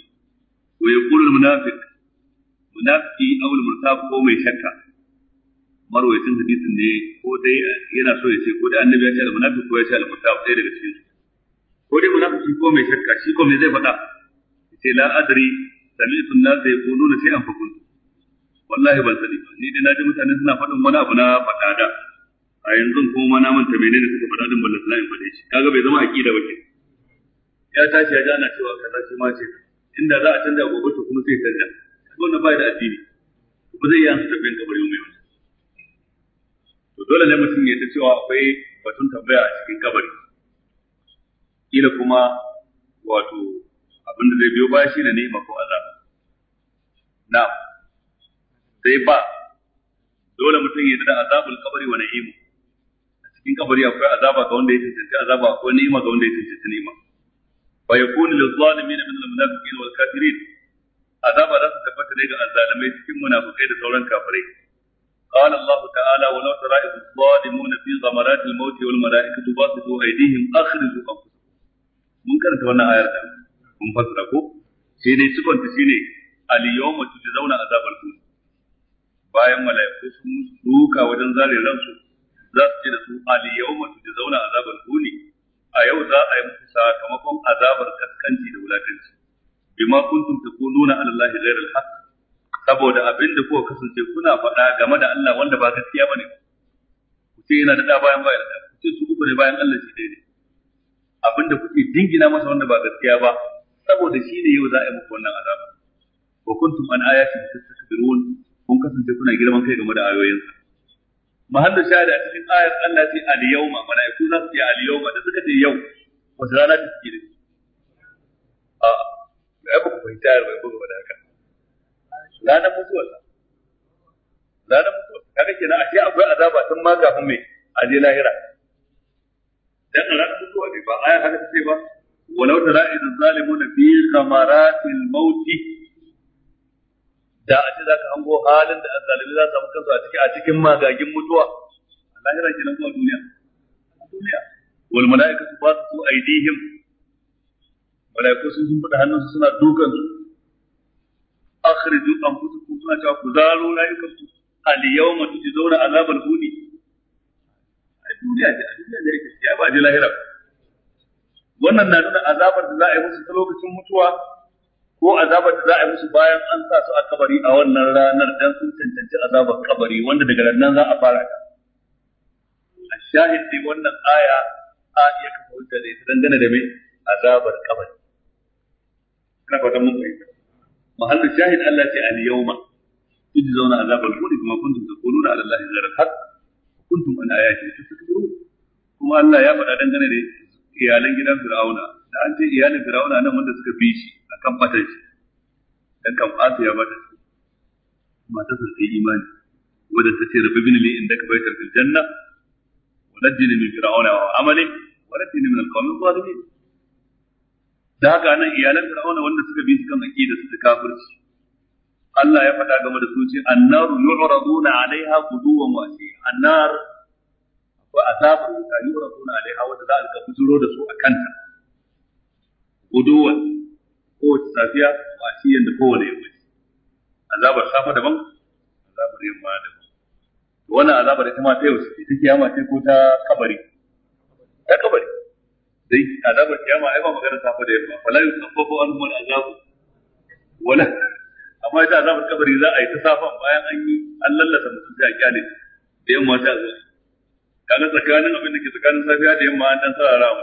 wa yaqulu al-munafiq munafiki aw al-murtab ko mai shakka marwayin hadisin ne ko dai yana so ya ce ko dai annabi ya ce al-munafiq ko ya ce al-murtab sai daga cikin ko dai munafiki ko mai shakka shi ko me zai faɗa ce la adri sami'tu an-nas yaquluna shay'an fa qultu wallahi ban sani ba ni dai na ji mutane suna faɗin wani abu na faɗa da a yanzu kuma ma na manta menene suka faɗa din ballan sana'in faɗe shi kaga bai zama aqida ba ke ya tashi ya ji ana cewa kaza shi ma ce inda za a canja gobe to kuma sai canja wannan bai da addini kuma zai yi an su tafiyan kabari mai wani to dole ne mutum ya ta cewa akwai batun tambaya a cikin kabari kila kuma wato abin da zai biyo baya ne ni'ima ko azaba Na. sai ba dole mutum ya da azabul kabari wa na'imu a cikin kabari akwai azaba ga wanda ya tantance azaba akwai ni'ima ga wanda ya tantance ni'ima fa yakunu lil zalimin min al munafiqin wal kafirin azaba za su tabbata ne ga azzalimai cikin munafikai da sauran kafirai قال الله تعالى ولو ترى إذ الظالمون في غمرات الموت والملائكة باسطوا أيديهم أخرجوا أنفسكم من كانت هنا آية mun fassara ko sai dai sifan ta shine al yawma tujzauna azabal khuld bayan malaiku sun duka wajen zare ransu za su ce da su al yawma tujzauna azabal khuld a yau za a yi musu sakamakon azabar kaskanci da wulakanci bima kuntum takununa ala allahi ghayra al haqq saboda abin da kuka kasance kuna faɗa game da Allah wanda ba gaskiya bane ku ce yana da da bayan bayan da ku ce su uku ne bayan Allah shi dai abin da kuke dingina masa wanda ba gaskiya ba saboda shi ne yau za a yi muku wannan azaba wa kuntum an ayati tastakbirun kun kasance kuna girman kai game da ayoyinsa mahallu shahada a cikin ayar Allah sai al yawma malaiku za su ce al yawma da suka ce yau wata rana ta ciki da a ai ba ku fahimta yar bai buga da haka ranar mutuwa ranar mutuwa kaga kenan ashe akwai azaba tun ma kafin mai je lahira dan ranar mutuwa ne ba ayar haka ce ba ولو ترى إذ الظالمون في غمرات الموت da a ce za ka hango halin da azzalimi za su samu kansu a cikin a cikin magagin mutuwa a lahira kenan ko a duniya a duniya su malaikatu basitu aydihim malaiku sun sun fada hannunsu suna dukan su akhriju anfusakum suna cewa ku zaro rayukan ku al yawma tujzauna azabal huni a duniya ce a duniya ne ake ya ba je lahira wannan na nuna azabar da za a yi musu ta lokacin mutuwa ko azabar da za a yi musu bayan an sa su a kabari a wannan ranar dan sun cancanci azabar kabari wanda daga nan za a fara ta a shahid dai wannan aya a iya kafa hujja da ita dangane da mai azabar kabari Kana fata mun fahimta mahallin shahid Allah ce al yawma azabar azabal kuma kun ta ko ala Allah ghayra al haqq kuntum an ayati tastakbirun kuma Allah ya faɗa dangane da iyalan gidan Fir'auna da an ce iyalan Fir'auna nan wanda suka bi shi a kan fatan shi dan kan Asiya ba ta mata su ta imani wanda ta ce rabbi bin li ka baitar fil janna wa najjini min fir'auna wa amali wa najjini min al-qawmi adh-dhalimin da haka nan iyalan Fir'auna wanda suka bi shi kan aqida su ta kafirci Allah ya faɗa game da su ce annaru yu'raduna 'alaiha quduwan wa asiya annar wa asabar wuta yuraduna a wata za a rika bujuro da su a kanta guduwan ko safiya ba shi yanda kowane yammaci azabar safa daban azabar yamma daban wannan azabar ita ma ta yau ce ta kiyama ce ko ta kabari ta kabari dai azabar kiyama ai ba magana safa da yamma fala yusaffafu anhum al'azabu wala amma ita azabar kabari za a yi ta safan bayan an yi an lallata mutum sai a kyale da yamma ta zo kaga tsakanin abin da ke tsakanin safiya da yamma an dan sarara mu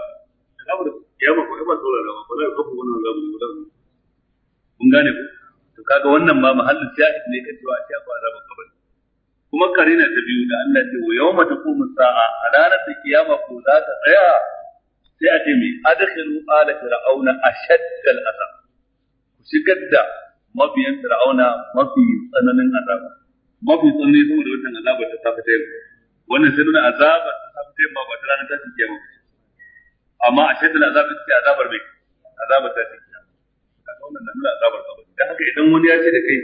saboda ya ba ko ba saurara ba ba zai ka kafa wannan zamu guda kun gane ku to kaga wannan ma mahallin shahid ne kan cewa ya fara ba kabar kuma karina ta biyu da Allah ce wa yawma taqumu sa'a a ranar da kiyama ko za ta tsaya sai a ce me adkhilu ala fir'auna ashadda al'azab ku shigar da mabiyan fir'auna mafi tsananin azaba mafi tsanani saboda wannan azaba ta tafi ta yau wannan sai nuna azabar ta samu taimma ba ta ranar tashin kiyama amma a na azabar ta azabar mai azabar ta tashin kiyama kaga wannan nuna azabar kabari dan haka idan wani ya ce da kai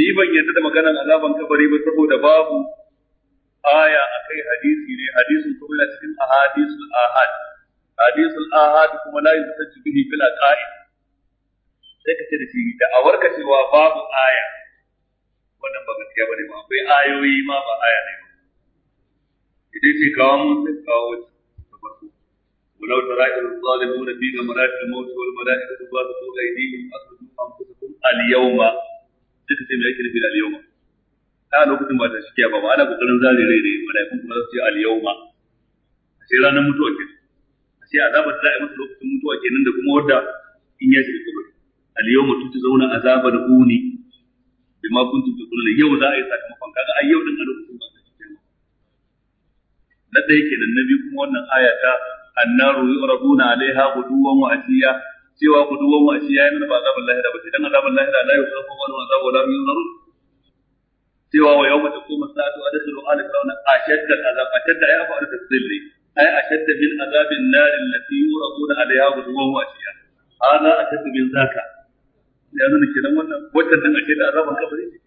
ni ban yarda da maganar azaban kabari ba saboda babu aya akai hadisi ne hadisin kuma yana cikin ahadisul ahad hadisul ahad kuma la yustajju bihi fil aqaid sai ka ce da shi da awarka cewa babu aya wannan ba gaskiya bane ba akwai ayoyi ma ba aya ne ba idan ce kawo mun sai kawo wacce ta farko ولو ترى إذ الظالمون في غمرات الموت والملائكة باسطوا أيديهم أخرجوا أنفسكم اليوم تكتم يكتب إلى اليوم a lokacin ba ta shikiya ba ana kokarin zare rai ne mala'ikun kuma za su ce al-yawma sai ranar mutuwa ke sai azabar za a yi masa lokacin mutuwa kenan da kuma wadda in ya shiga kabari al-yawma tuti zauna azabar uni bima kuntum taqulun yau za a yi sakamakon kaga ai yau din a lokacin na ɗaya kenan na biyu kuma wannan aya ta annaru yu'raduna alaiha ghuduwan wa ashiya cewa ghuduwan wa ashiya yana ba azabul lahira ba idan azabul lahira la yusafu wa la azabu la yunzaru cewa wa yawma taqumu as-sa'atu adkhilu ala fir'auna ashadda al-azab ashadda ya fa'al tasdilli ay ashadda min azabin nar allati yu'raduna alaiha ghuduwan wa ashiya hada ashadda min zaka ya nuna kenan wannan wacce dan ake da azaban kabari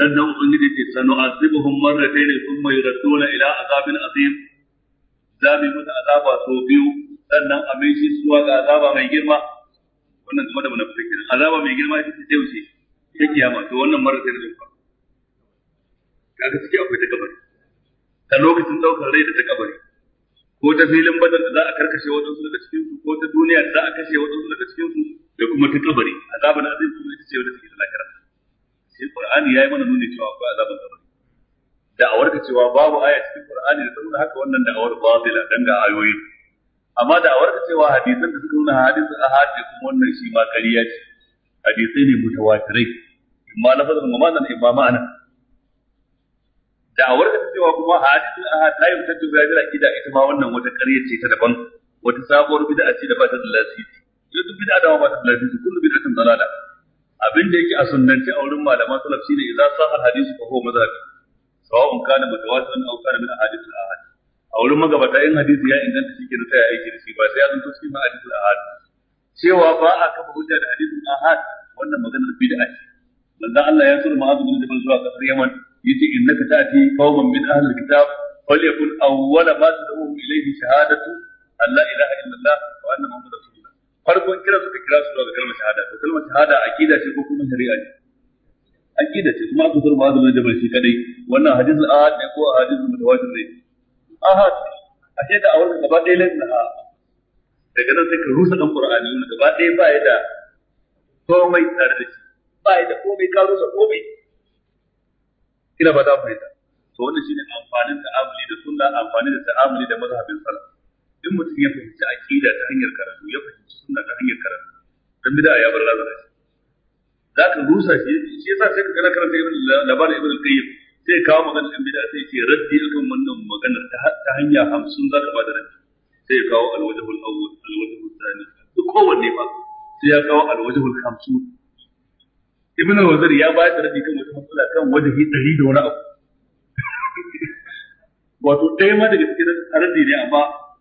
sannan ubangiji ce sanu'azibuhum marratayn thumma yuradduna ila azabin azim zabi musu azaba sau biyu sannan a mai shi zuwa ga azaba mai girma wannan game da munafikai kenan azaba mai girma ita ce yaushe ta kiyama to wannan marratayn din fa kaga suke akwai ta kabari ta lokacin daukar rai da ta kabari ko ta filin badar da za a karkashe waɗansu daga cikin su ko ta duniya da za a kashe waɗansu daga cikin su da kuma ta kabari azaban azim kuma ita ce wadda take da lakira Eh, qur'ani yayi mana nuni cewa akwai azabin kabari Da ka cewa babu aya cikin qur'ani da nuna haka wannan da awar batila dan ga ayoyi amma da ka cewa hadisin da suka nuna hadisin ahadi kuma wannan shi ma kariya ce hadisai ne mutawatirai imma lafazin ne ba ma'ana Da ka cewa kuma hadisin ahad la ta bi da akida ita ma wannan wata kariya ce ta daban wata sabuwar bid'a ce da ba ta da lasisi duk bid'a da ba ta da lasisi kullu bid'atin dalala abin da yake a sunnanci a wurin malaman salaf shine idza sahha hadisu fa huwa mazhabi sawa'un kana mutawatiran aw kana min ahadith al-ahad a wurin magabata in hadisi ya inganta shi kenan sai aiki da shi ba sai ya zanto cikin ahadith al-ahad cewa ba a kafa hujja da hadithin ahad wannan maganar bid'a ce manzon Allah ya tura ma'azu bin Jabal zuwa kasar Yaman yace innaka ta'ti qauman min ahli al-kitab falyakun awwala ma tad'uhum ilayhi shahadatu an la ilaha illallah wa anna muhammadar rasulullah farkon kira suka kira su da kalmar shahada to kalmar shahada aqida ce ko kuma shari'a ce aqida ce kuma aka turba da jabal shi kadai wannan hadisul ahad ne ko hadisul mutawatir ne ahad ce da awar gaba ɗaya lafiya daga nan sai ka rusa dan qur'ani wannan gaba ɗaya ba ya da komai tare da shi ba ya da komai ka rusa komai ina ba ta fahimta to wannan shine amfanin amuli da sunna amfani da amuli da mazhabin salaf in mutum ya fahimci aqida ta hanyar karatu ya fahimci sunna ta hanyar karatu dan bid'a ya bar lazara za ka rusa shi shi yasa sai ka kana karanta ibn labarin ibn al-qayyim sai kawo magana ɗan bid'a sai ce raddi akan wannan maganar ta hanya hamsin za ka bada raddi sai kawo kawo alwajhul awwal alwajhul thani duk kowanne ba sai ya kawo alwajhul khamsun ibn al-wazir ya bayar da raddi kan wata matsala kan wajhi ɗari da wani abu (laughs) wato ɗaya ma daga cikin raddi ne amma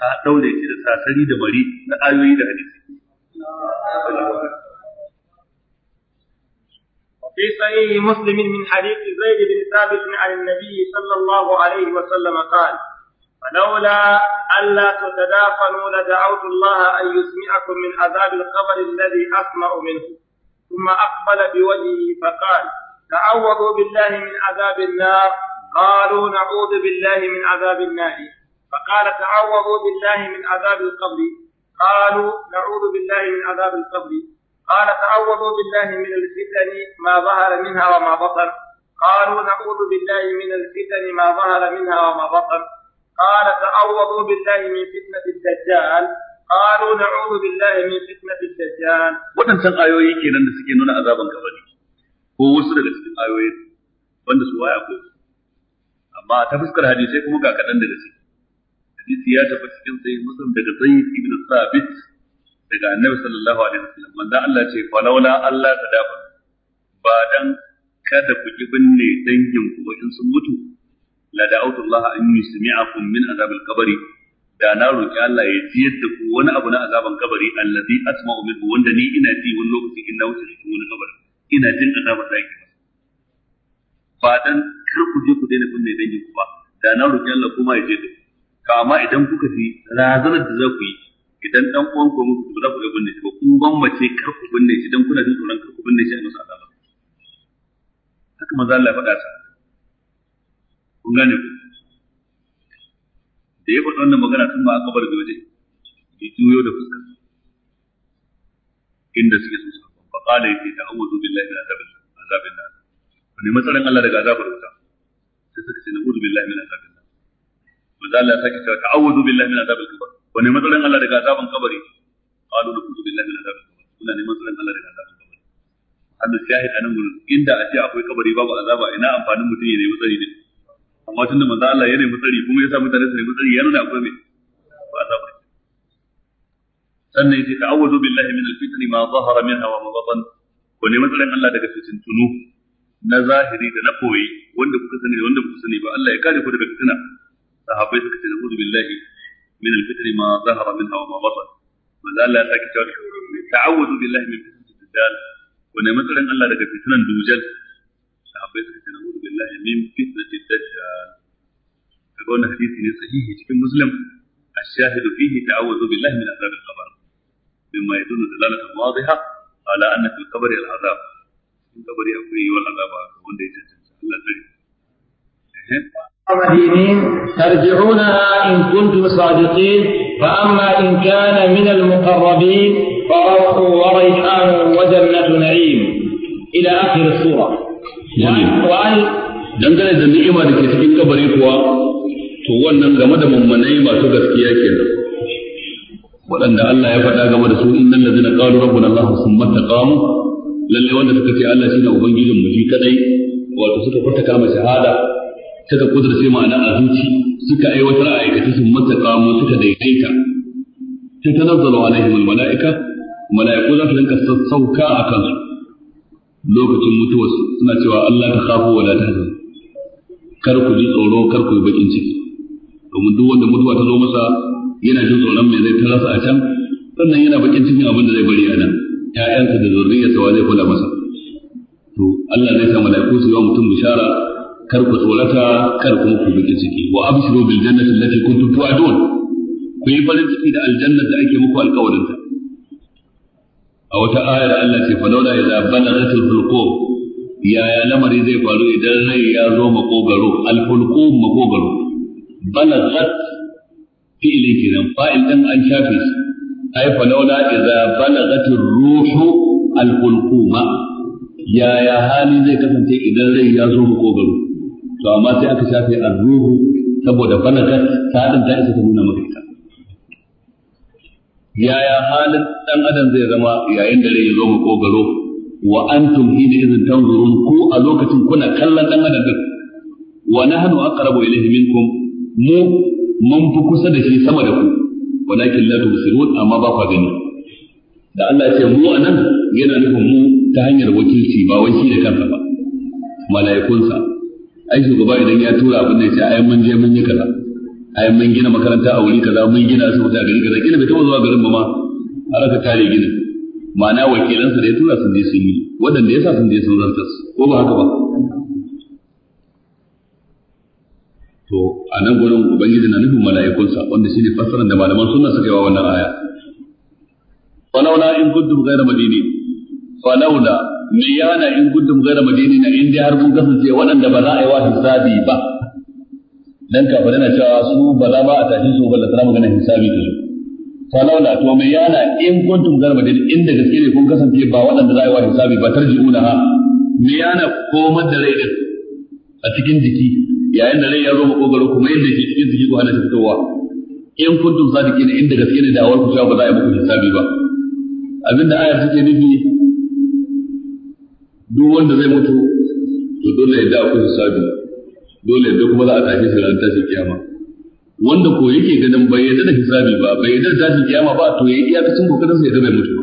ka daure shi da sasari da bari na ayoyi da hadisi في صحيح مسلم من حديث زيد بن ثابت عن النبي صلى الله عليه وسلم قال فلولا ألا تتدافنوا لدعوت الله أن يسمعكم من عذاب القبر الذي أسمع منه ثم أقبل بوجهه فقال تعوذوا بالله من عذاب النار قالوا نعوذ بالله من عذاب النار فقال تعوذوا بالله من عذاب القبر قالوا نعوذ بالله من عذاب القبر قال تعوذوا بالله من الفتن ما ظهر منها وما بطن قالوا نعوذ بالله من الفتن ما ظهر منها وما بطن قال تعوذوا بالله من فتنة الدجال قالوا نعوذ بالله من فتنة الدجال wadancan ayoyi كي da suke nuna azaban kabari ko wasu daga cikin ayoyi wanda su waya ko amma ta fuskar hadisi hadisi ya tafi cikin sahih muslim daga zayd ibn sabit daga annabi sallallahu alaihi wasallam manzo Allah ce fa laula Allah dafa. ba dan kada ku ki binne dangin ku in sun mutu la da'awtu Allah an yusmi'akum min azab al-qabr da na roki Allah ya ji yadda ku wani abu na azaban kabari allazi asma'u minhu wanda ni ina ji wani lokaci ina wuce cikin wani kabari ina jin azabar da yake ba dan kar ku je ku daina binne dangin ku ba da na roki Allah kuma ya ji da ku to amma idan kuka ji razanar da za ku yi idan dan uwan ku muku za ku ga binne shi ko kun gwammace kar ku binne shi dan kuna jin tsoron kar ku binne shi a masa azaba haka manzo Allah ya faɗa sa kun gane ku da ya faɗi wannan magana tun ba a kabar da waje ya juyo da fuska inda suke so sa fa qala yati ta'awudu billahi min azabil azabin nar ne matsalan Allah daga azabar wuta sai suka ce na billahi min azabil manzo Allah ya sake cewa ta'awudu billahi min azabil qabr wa ne matsalan Allah daga azaban kabari qalu dukudu billahi min azabil qabr kuna neman tsaron Allah daga azaban kabari hadda shahid anan gurin inda a akwai kabari babu azaba ina amfanin mutum ya nemi tsari ne amma manzo Allah ya nemi tsari kuma ya sa mutane su nemi tsari ya nuna akwai me ba azaba sannan yace ta'awudu billahi min al-fitn ma zahara minha wa ma batan ko ne Allah daga fitintunu na zahiri da na koyi wanda kuka sani wanda kuka sani ba Allah ya kare ku daga أحبيتك تنبوذ بالله من الفتر ما ظهر منها وما بطن مدال لا تاكي تاكي تعوذ بالله من فتنة الدجال ونمثل أن الله لقد فتنة دوجل أحبيتك تنبوذ بالله من فتنة الدجال أقولنا حديث صحيح كم مسلم الشاهد فيه تعوذ بالله من عذاب القبر مما يدل دلالة واضحة على أن في القبر العذاب في القبر يقول العذاب وعندما يتجد الله تجد Hip-hop. مدينين ترجعونها إن كنتم صادقين فأما إن كان من المقربين فروح وريحان وجنة نعيم إلى آخر السورة dangane da ni'ima da ke cikin kabari kuwa to wannan game da mummunai masu gaskiya ke kenan waɗanda Allah ya faɗa game da su innal ladina qalu rabbuna Allah summa taqamu lalle wanda suka ce Allah shine ubangijin mu shi kadai wato suka furta kalmar shahada suka sai ma'ana a zuci suka aiwatar a aikata sun mataka mu suka daidaita sai ta nazzalo alaihim almala'ika mala'iku za su rinka sassauka a kansu lokacin mutuwa suna cewa Allah ta khafu wa la tahzan kar ku ji tsoro kar ku yi bakin ciki domin duk wanda mutuwa ta zo masa yana jin tsoron me zai tarasa a can sannan yana bakin cikin abin da zai bari a nan ya'yansa da zurriyarsa wa zai kula masa to Allah zai sa mala'iku su yi wa mutum bishara kar ku tsolata kar kuma ku baki ciki wa abshiru bil jannati allati kuntum tu'adun ku yi farin ciki da aljanna da ake muku alƙawarin ta a wata ayar Allah ce fa laula idza balagatil hulqum yaya lamari zai faru idan rai ya zo makogaro al hulqum makogaro balagat fi'ili kiran fa'il din an shafe shi ai fa laula idza balagatir ruhu al hulquma yaya hali zai kasance idan rai ya zo makogaro to amma sai aka shafe a ruhu saboda balagat ta dan ta isa ta nuna maka ita yaya halin dan adam zai zama yayin da rai ya zo mu kogaro wa antum hina izin tanzurun ku a lokacin kuna kallon dan adam din wa nahnu aqrabu ilayhi minkum mu mun fi kusa da shi sama da ku walakin la tubsirun amma ba ku gani da Allah ce mu anan yana nufin mu ta hanyar wakilci ba wai shi da kansa ba mala'ikunsa ai shugaba idan ya tura abin da ya ce ai mun je mun yi kaza ai mun gina makaranta a wuri kaza mun gina asibiti a gari kaza kila bai taba zuwa garin ba ma har aka tare ginin ma'ana wakilansa da ya tura sun je sun yi waɗanda ya sa sun je sun su ko ba haka ba to a nan gudun ubangiji na nufin mala'ikunsa wanda shine fassarar da malaman sunna suka yi wa wannan aya falawla in kuntum ghayra fa falawla me yana in gudum gaira madini na in dai har mun kasance waɗanda ba za a yi wa hisabi ba dan kafirai na cewa su ba za ba a tashi su ba da magana hisabi da su fa laula to me yana in gudun gaira madini in da gaske ne kun kasance ba waɗanda za a yi wa hisabi ba tarji'una ha me yana komar da rai din a cikin jiki yayin da rai ya zo makogaro kuma yadda ke cikin jiki ko hana shi fitowa in kuntum sadiqina in da gaske ne da awar ku cewa ba za a yi muku hisabi ba abinda ayar take nufi duk wanda zai mutu to dole ya da akwai sabi dole da kuma za a tafi shi ran tashi kiyama wanda ko yake ganin bai yadda da hisabi ba bai yadda da tashi kiyama ba to ya iyakacin kokarin sai ya bai mutu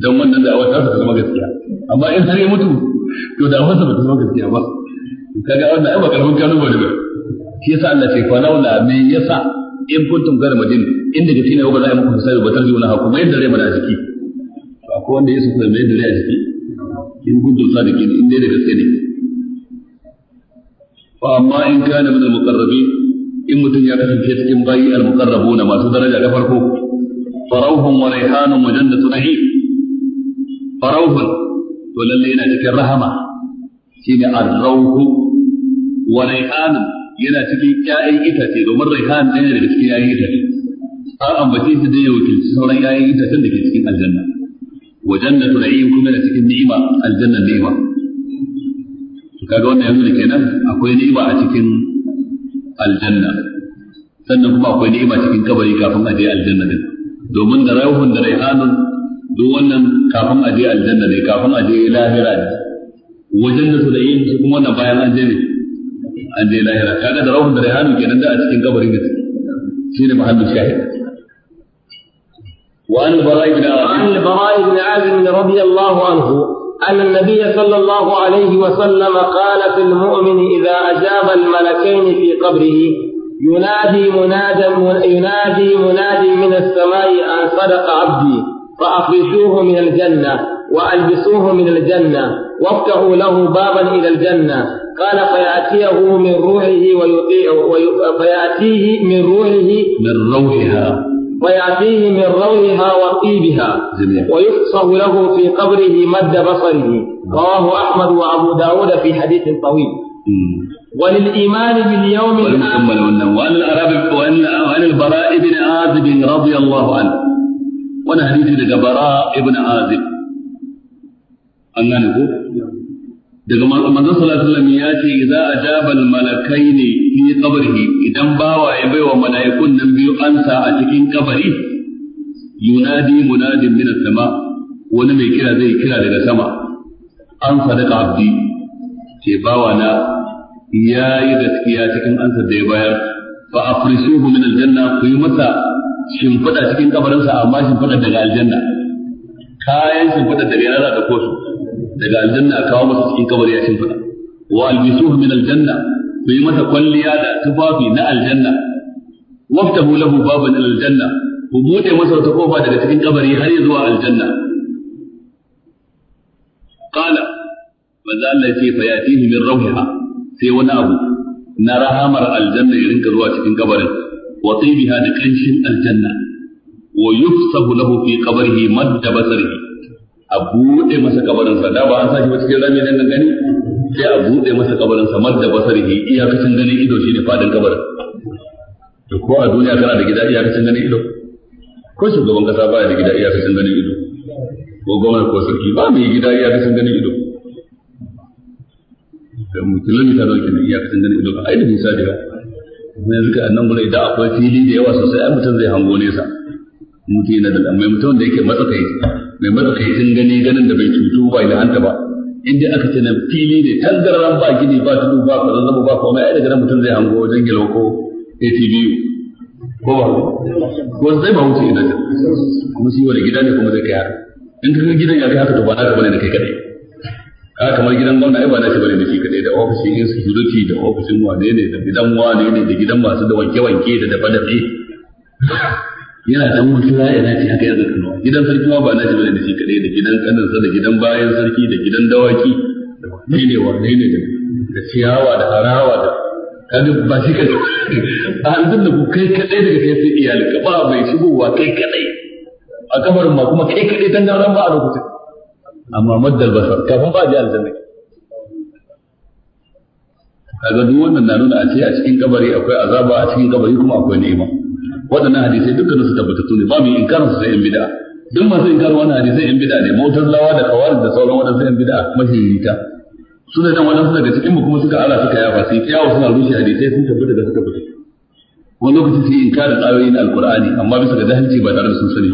dan wannan da awata ta zama gaskiya amma in har ya mutu to da awata ba ta zama gaskiya ba kaga wannan ai ba karfin kanu ba ba shi yasa Allah ce fa laula me yasa in kuntum gar madin in daga tina ba za a muku hisabi ba tarjuna hakuma yadda rai mana a jiki akwai wanda ya sufa mai yadda rai a jiki in kuntum sadiqin in dai da gaske ne fa amma in kana min al-muqarrabin in mutum ya kasance cikin bayi al-muqarrabun masu daraja da farko farauhun wa raihanun wa jannatu na'im farauhun to lalle yana cikin rahama shine ar-rauhu wa raihanun yana cikin ƴaƴan itace domin raihan ɗaya daga cikin ƴaƴan itace an ambace shi da ya wakilci sauran ƴaƴan itacen da ke cikin aljanna wa jannatu na'im kuma da cikin ni'ima aljannan ni'ima kaga wannan yanzu da kenan akwai ni'ima a cikin aljanna sannan kuma akwai ni'ima cikin kabari kafin a je aljanna din domin da rayuhun da raihanun duk wannan kafin a je aljanna ne kafin a je lahira ne wajen da su da yin su kuma wannan bayan an je ne an je lahira kaga da rayuhun da raihanun kenan da a cikin kabari ne shi ne mahallin shahid وعن البراء بن عازم وعن البراء بن عازم رضي الله عنه أن النبي صلى الله عليه وسلم قال في المؤمن إذا أجاب الملكين في قبره ينادي مناد ينادي مناد من السماء أن صدق عبدي فأخرجوه من الجنة وألبسوه من الجنة وافتحوا له بابا إلى الجنة قال فيأتيه من روحه ويطيع فيأتيه من روحه من روحها ويأتيه من روعها وطيبها جميل. له في قبره مد بصره رواه أحمد وأبو داود في حديث طويل وللإيمان باليوم الآخر وأن الأراب وأن البراء بن عازب رضي الله عنه وأنا حديث لك براء بن عازب أن نقول daga manzon sallallahu alaihi wasallam ya ce idza ajabal malakaini fi qabrihi idan bawa ya baiwa mala'ikun nan biyu ansa a cikin kabari yunadi munadin min sama wani mai kira zai kira daga sama an sadaka abdi ce bawa na yayi gaskiya cikin ansa da ya bayar fa afrisuhu min aljanna ku yi masa shimfiɗa cikin kabarinsa amma shimfiɗa daga aljanna kayan shimfiɗa daga yana da kosu daga aljanna a kawo masa cikin kabari a shimfiɗa wa albisuhu min aljanna ku yi masa kwalliya da tufafi na aljanna waftahu lahu baban aljanna ku bude masa wata kofa daga cikin kabari har zuwa aljanna qala manzo Allah ya ce fa yatihi min rawhiha sai wani abu na rahamar aljanna ya rinka zuwa cikin kabarin wa tibiha da kanshin aljanna wa yufsahu lahu fi qabrihi madda basarihi a buɗe masa kabarinsa da ba an sa shi ba cikin rami nan gani sai a buɗe masa kabarinsa da basarihi iyakacin ganin ido shi ne fadin kabarin to ko a duniya kana da gida iyakacin ganin ido ko shugaban kasa baya da gida iyakacin ganin ido ko gwamnati ko sarki ba mai gida iyakacin ganin ido da mu kilomita nawa iya iyakacin ganin ido ai da nisa da yanzu ka annan bane da akwai fili da yawa sosai ai mutum zai hango nesa mutum yana da amma mutum da yake matsakaici mai mata sun gani ganin da bai cutu ba hanta ba inda aka ce na fili ne tangaran ba gini ba tudu ba kaza zama ba ko mai daga nan mutum zai hango wajen gilo ko ATV ko ba ko zai ba wuce idan kuma shi wani gida ne kuma zai kai haka in ka ga gidan ya kai haka to ba naka bane da kai kadai ka kamar gidan gwamna ai ba na shi bane da shi kadai da ofishin insecurity da ofishin wane ne da gidan wane ne da gidan masu da wanke-wanke da dafa-dafe yana da dan wata yana ce haka yanzu kano gidan sarki ma ba na ji bane da shi kadai da gidan kanansa da gidan bayan sarki da gidan dawaki da wani ne wani ne da ciyawa da harawa da kaga ba shi kadai (laughs) an dinda ku kai kadai daga kai sai iyalinka ba mai shigowa kai kadai a kamar ma kuma kai kadai dan ran ba a lokacin amma maddal basar kafin ba ji aljanna kaga duk wannan na nuna a ce a cikin kabari akwai azaba a cikin kabari kuma akwai ni'ima waɗannan hadisai dukkanin su tabbatattu ne ba mu inkarin su sai yan bid'a duk masu inkarin wannan hadisai yan bid'a ne lawa, da khawarij da sauran waɗansu yan bid'a mahirita suna nan waɗansu daga cikin mu kuma suka ala suka yafa sai kiyawa suna rushe hadisai sun tabbata da suka fita wani lokaci sai inkarin ayoyin alqur'ani amma bisa ga jahilci ba tare da sun sani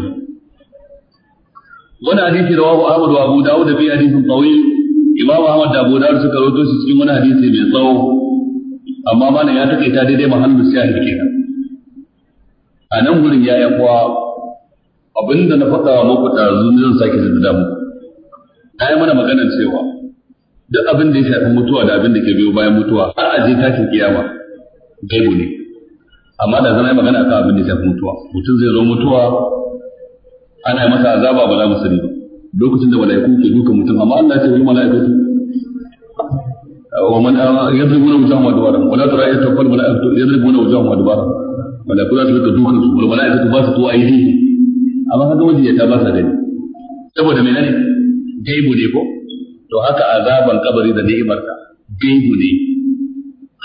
ba wani hadisi rawahu Ahmad wa Abu Dawud bi hadisin tawil Imam Ahmad da Abu Dawud suka rawaito shi cikin wani hadisi mai tsawo amma malam ya takaita daidai mahallin shahid kenan a nan gurin ya abin abinda na faɗa muku ɗazu zan sake jaddada damu. na yi mana maganar cewa duk abin da ya shafi mutuwa da abin da ke biyo bayan mutuwa har a je tashin kiyama gaibu ne amma da zama yi magana akan abin da ya shafi mutuwa mutum zai zo mutuwa ana yi masa azaba ba za mu sani lokacin da mala'iku ke duka mutum amma Allah ya ce wani mala'ikatu ومن يضربون وجوههم ودبارهم ولا ترى يتوفى الملائكة يضربون وجوههم ودبارهم malaku za su rika dukan su wal malaikatu ba su tuwa aidi amma kaga majiyata ba sa gani saboda menene gaibu ne ko to haka azaban kabari da ni'imarka gaibu ne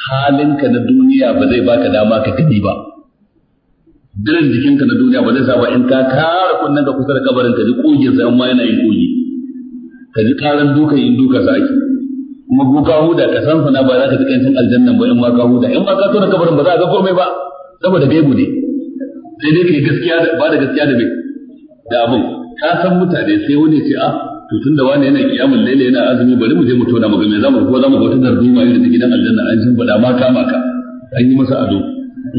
halinka na duniya ba zai baka dama ka gani ba dirin jikinka na duniya ba zai sa ba in ka kara kunnen ka kusa da kabarin ka ji kogin sa ma yana yin kogi ka ji karan dukan yin duka sa ake kuma ko ka huda ka san sana ba za ka ji kancin aljannan ba in ma ka huda in ma ka tona kabarin ba za a ga komai ba saboda bai gude sai dai kai gaskiya ba da gaskiya da bai da abin ka san mutane sai wani ce a ah, to tunda wani yana kiyamul laila yana azumi bari mu je mu tona maganar zamu ko zamu ga wata darduma irin ta gidan aljanna an san bada ma kama ka an yi masa ado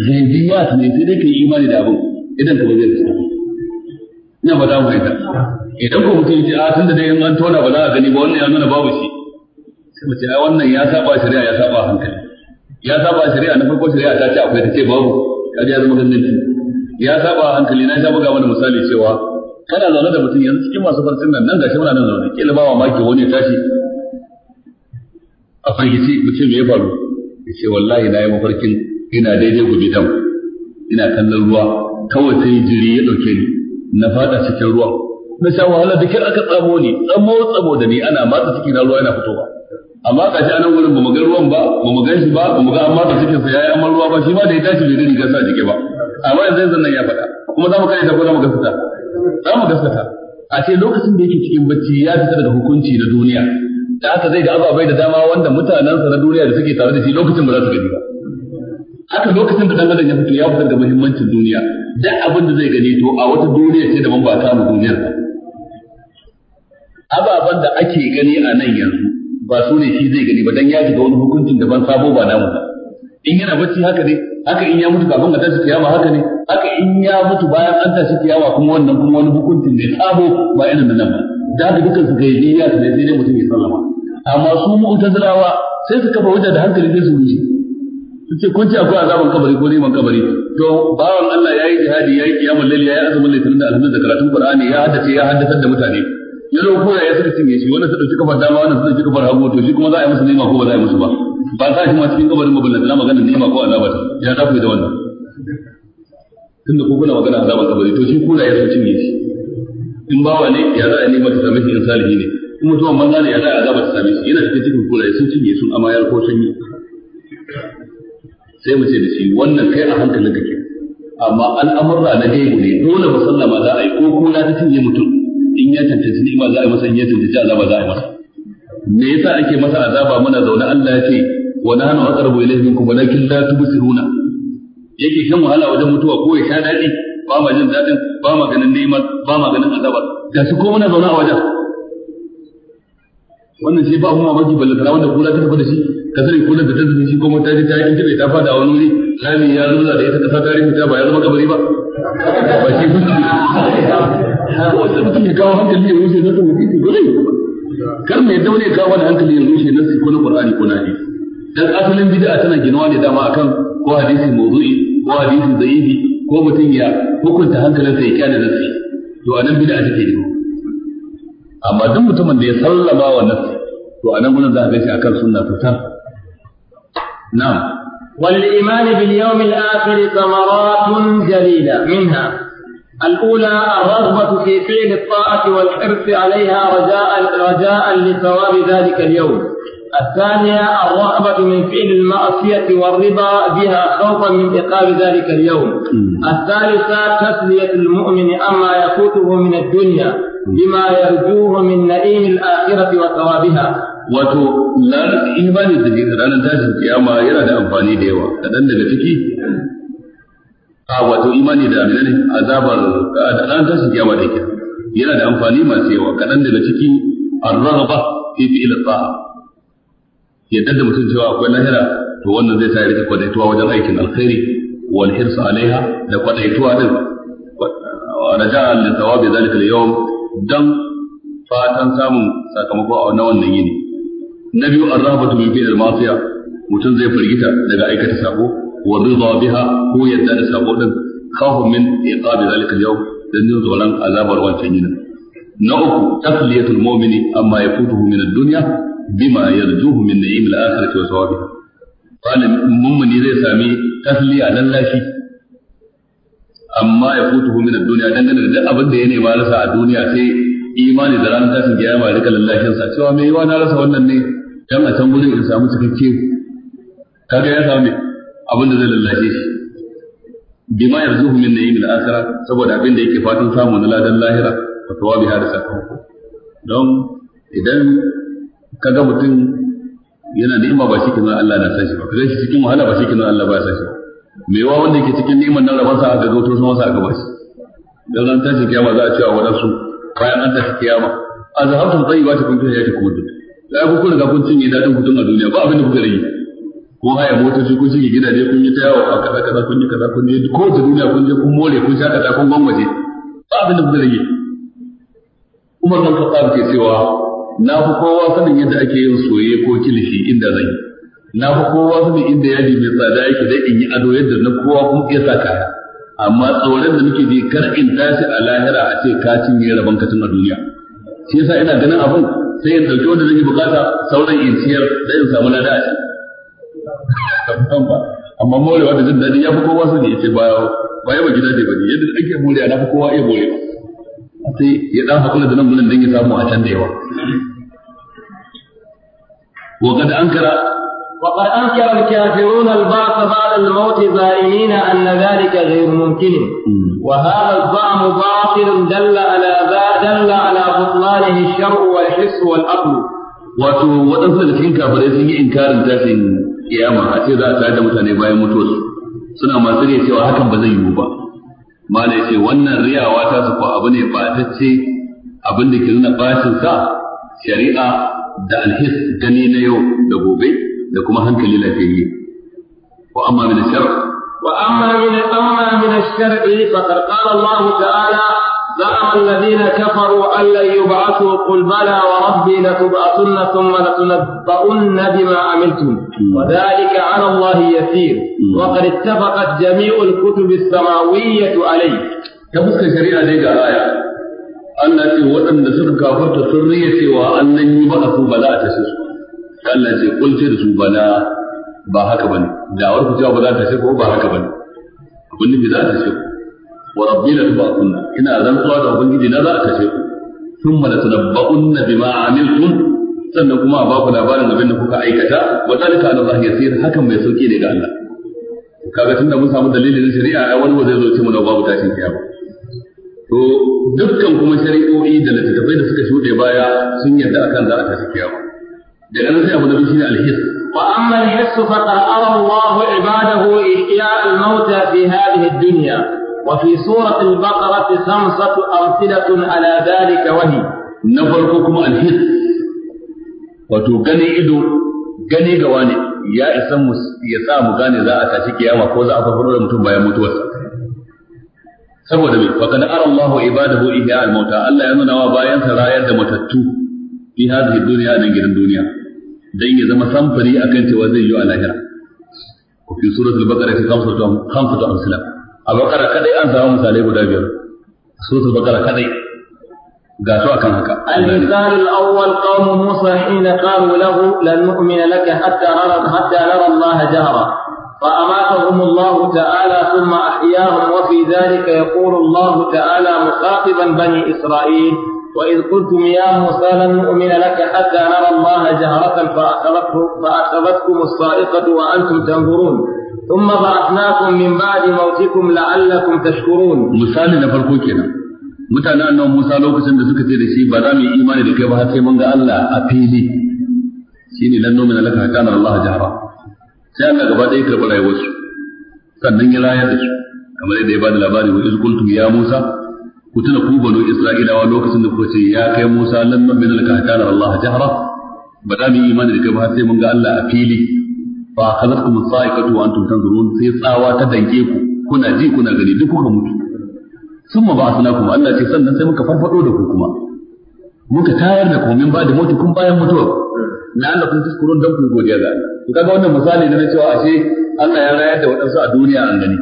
ya ne sai dai kai imani da abin idan ka ba zai tsaya ina ba da da idan ko mutum ce a ah, tunda dai an tona ba za a gani ba wannan ya nuna babu shi sai mu ce ai wannan ya saba shari'a ya saba hankali ya saba shari'a na farko shari'a ta ce akwai ta ce babu kaji ya maganin ganganci ya saba hankali na sha buga mana misali cewa kana zaune da mutum yanzu cikin masu farcin nan nan gashi muna nan zaune kila ba mamaki wani ya tashi a fargici mutum me ya faru ya ce wallahi na yi mafarkin ina daidai gobe dam ina kallon ruwa kawai sai jiri ya dauke ni na fada cikin ruwa na sha wahala da kyar aka tsamo ni tsamo tsamo da ni ana matsa ciki na ruwa yana fitowa amma ka shi anan gurin ba mu ga ruwan ba ba mu gan shi ba ba mu ga amma da cikin sa yayi amma ruwa ba shi ma da ya tashi bai gani gasa sa jike ba amma yanzu yanzu nan ya faɗa kuma za mu kai ta ko za mu gaskata za mu gaskata a ce lokacin da yake cikin bacci ya fita daga hukunci na duniya da aka zai ga ababai da dama wanda sa na duniya da suke tare da shi lokacin ba za su gani ba haka lokacin da dan adam ya fito ya fitar da muhimmancin duniya duk abin da zai gani to a wata duniya ce ban ba ta mu duniyar ba ababan da ake gani a nan yanzu ba su ne shi zai gani ba dan ya shiga wani hukuncin da ban sabo ba namu ba in yana bacci haka ne haka in ya mutu kafin a tashi kiyama haka ne haka in ya mutu bayan an tashi kiyama kuma wannan kuma wani hukuncin ne sabo ba irin nan ba da haka dukkan su gaibi ya su ne sai dai mutum ya sallama amma su mu'tazilawa sai su kafa wajen da hankali zai zuwa su ce kun ci akwai azaban kabari ko neman kabari to bawan Allah ya yi jihadi ya yi kiyamul lalle, ya yi azumin da alhamdulillah da karatun qur'ani ya haddace ya haddace da mutane ya zo koya ya suka cinye shi wannan su dauki kafar dama wannan su dauki kafar hagu to shi kuma za a yi musu nema ko ba za a yi musu ba ba sa shi ma cikin kabarin ba ballan da magana nema ko azaba ta ya ta da wannan tunda ko kuna magana azaba kabari to shi kura ya su cinye shi in bawa ne ya za a nema ta sami shi in salihi ne in mutumin banza ne ya za a azaba ta sami shi yana cikin cikin kura ya sun cinye sun amayar ko sun yi sai mu ce da shi wannan kai a hankalin kake amma al'amurra na gaibu ne dole musallama za a yi ko kuna ta cinye mutum in ya cancanci ni'ima za a yi masa in ya cancanci azaba za a masa me yasa ake masa azaba muna zaune Allah ya ce wa nahnu aqrabu ilayhi minkum walakin la tubsiruna yake kan wahala wajen mutuwa ko ya sha dadi ba ma jin dadin ba ma ganin ni'imar ba ma ganin azaba da su ko muna zaune a wajen wannan shi ba kuma baki ballata wanda kula ta tafi da shi ka sani kula da ta tafi shi ko mata ta yi ta ta fada wani wuri rami ya zuza da ita kasa ta rufe ta ba ya zama kabari ba ba shi ba wata mutum ya kawo hankali ya rushe na kan hadisi zai kar mai daure kawo wani hankali ya rushe na ko na qur'ani ko na hadisi dan asalin bid'a tana ginawa ne dama akan ko hadisi mawdu'i ko hadisi da'ifi ko mutum ya hukunta hankalinsa ya kyale nafsi to anan bid'a take ne amma duk mutumin da ya sallama wa nafsi to anan gurin za a gaishe akan sunna ta tar na'am وللإيمان باليوم الآخر ثمرات جليلة منها الأولى الرغبة في فعل الطاعة والحرص عليها رجاء رجاء لثواب ذلك اليوم. الثانية الرغبة من فعل المعصية والرضا بها خوفا من عقاب ذلك اليوم. الثالثة تسلية المؤمن أما يفوته من الدنيا بما يرجوه من نعيم الآخرة وثوابها. wato imanin da ranar tashin kiyama yana da amfani da yawa kaɗan daga ciki a wato imani da Amina aminan azabar da ranar tashin kiyama da ke yana da amfani masu yawa kaɗan daga ciki a arraba fi fi'il tsaha. yadda da mutum cewa akwai lahira to wannan zai sa ya rika kwadaituwa wajen aikin alkhairi wal hirsu alaiha da kwadaituwa din raja'an li thawabi zalika al-yawm dan fatan samun sakamako a wannan yini na biyu arrabatu min fi'il ma'siya mutum zai firgita daga aikata sako wa ridha biha ko yadda da sako din khawfun min iqabi zalika al-yawm dan jin tsoron azabar wancan yinin na uku tasliyatul mu'mini amma yafutuhu min ad-dunya bima yarjuhu min ni'im al-akhirati wa thawabiha qalin mummuni zai sami tasliya lallashi amma yafutuhu min ad-dunya dan da duk abin da ya nema rasa a duniya sai imani da ranar tashin kiyama rika lallashin sa cewa me yiwa na rasa wannan ne dan a can gurin in samu cikakke kaga ya samu abin da zai lallace shi bima yarzuhu min na'im al-akhirah saboda abin da yake fatan samu na ladan lahira wa thawabi hada sakamako don idan kaga mutum yana ni'ima ba shi kenan Allah na sashi shi ba kaga shi cikin wahala ba shi kenan Allah ba ya san me yawa wanda yake cikin ni'iman nan rabon sa aka zo to sun wasa gaba shi dan ran tashi kiyama za a cewa wadansu bayan an tashi kiyama azhabtum tayyibatikum fi hayatikum dunya da ku kun riga kun cinye daɗin kudin a duniya ba abin da kuka rage ko haya motoci kun cinye gidaje kun yi ta yawo a kaza kaza kun yi kaza kun yi ko ta duniya kun je kun more kun sha kaza kun gwangwaje ba abin da kuka rage Umar bin Khattab ke cewa na fi kowa sanin yadda ake yin soye ko kilishi inda zan yi na fi kowa sanin inda yadi mai tsada yake dai in yi ado yadda na kowa kuma iya sa kaya amma tsoron da muke ji kar in tashi a lahira a ce ka cinye rabon katin a duniya shi yasa ina ganin abin sai in dauki wanda zai bukata sauran in ciyar dan in samu lada a shi amma morewa da jin daɗi ya fi kowa sani ya ce ba ba ba gida ne ba ne yadda ake morewa na fi kowa iya A sai ya dan hakuri da nan gudun dan ya samu a can da yawa وقد أنكر وقد أنكر الكافرون البعث بعد الموت زائمين أن ذلك غير ممكن وهذا الزعم باطل دل على دل على بطلانه الشرع والحس والعقل wato waɗansu da cikin kafirai sun yi inkarin tashin kiyama a ce za da mutane bayan mutuwarsu suna masu riya hakan ba zai yiwu ba malai ce wannan riyawa ta su abu ne ba ce abin da ke sa shari'a da alhis gani na yau da gobe da kuma hankali lafiyayye wa amma min shar wa amma min amma min ash-shar'i faqad qala Allah ta'ala زعم الذين كفروا أن لن يبعثوا قل بلى وربي لتبعثن ثم لتنبؤن بما عملتم وذلك على الله يسير وقد اتفقت جميع الكتب السماوية عليه تبسك شريعة ديجا آية Allah ce waɗanda suka kafarta sun riya cewa an nan yi ba a su bala a tashi su. Allah ce kul ce da su bana ba haka bane da ku cewa ba za ta ce ko ba haka bane abin da za ta ce wa rabbi la tubaqunna ina rantsuwa da ubangiji na za ta ce ku thumma la tunabba'unna bima amiltum sannan kuma ba ku labarin abin da kuka aikata wa dalika ala Allah yasir hakan mai sauki ne ga Allah kaga tunda mun samu dalilin shari'a ai wani zai zo ce mu babu tashin kiyama to dukkan kuma shari'o'i da littattafai da suka shuɗe baya sun yarda akan za a tashi kiyama daga nan sai abu na shi ne alhis wa amma alhis fa qad ara Allah ibadahu ihya al-maut fi hadhihi ad-dunya wa fi surati al-baqara khamsatu amthilatun ala dhalika wa hi na farko kuma alhis wato gani ido gane ga wani ya isa mu ya sa mu gane za a tashi kiyama ko za a farfaro da mutum bayan mutuwarsa saboda me fa qad ara Allah ibadahu ihya al-maut Allah ya nuna wa bayan sa rayar da matattu fi hadhihi dunya nan gidan duniya dan ya zama samfari akan cewa zai yi a lahira ko fi suratul baqara a baqara kadai an samu misalai guda biyar suratul baqara kadai ga su akan haka al-misal al-awwal qawm musa hina qalu lahu lan nu'mina laka hatta nara hatta nara Allah jahra فأماتهم الله تعالى ثم أحياهم وفي ذلك يقول الله تعالى مخاطبا بني إسرائيل وإذ قلتم يا موسى لن نؤمن لك حتى نرى الله جهرة فأخذتكم الصائقة وأنتم تنظرون ثم بعثناكم من بعد موتكم لعلكم تشكرون مثال نفرقو كنا mutane annabi Musa lokacin da suka ce da shi ba za mu yi imani da kai ba har sai mun ga Allah a fili shine lan nomina laka hatta nar Allah jahara sai Allah gaba ya rayar da su kamar yadda ya labari wa iz ya Musa ku tuna ku banu isra'ilawa lokacin da kuka ce ya kai musa lan nu'min laka hatta nara allah jahra ba za mu yi imani da kai ba har sai mun ga allah a fili fa akhadhatkum as-sa'iqatu wa antum tanzurun sai tsawa ta danke ku kuna ji kuna gani duk kuka mutu summa kuma allah ce sannan sai muka farfado da ku kuma muka tayar da ku min ba da mutu kun bayan mutuwa na Allah kun tuskurun dan ku godiya ga to kaga wannan misali ne na cewa ashe Allah ya rayar da wadansu a duniya an gani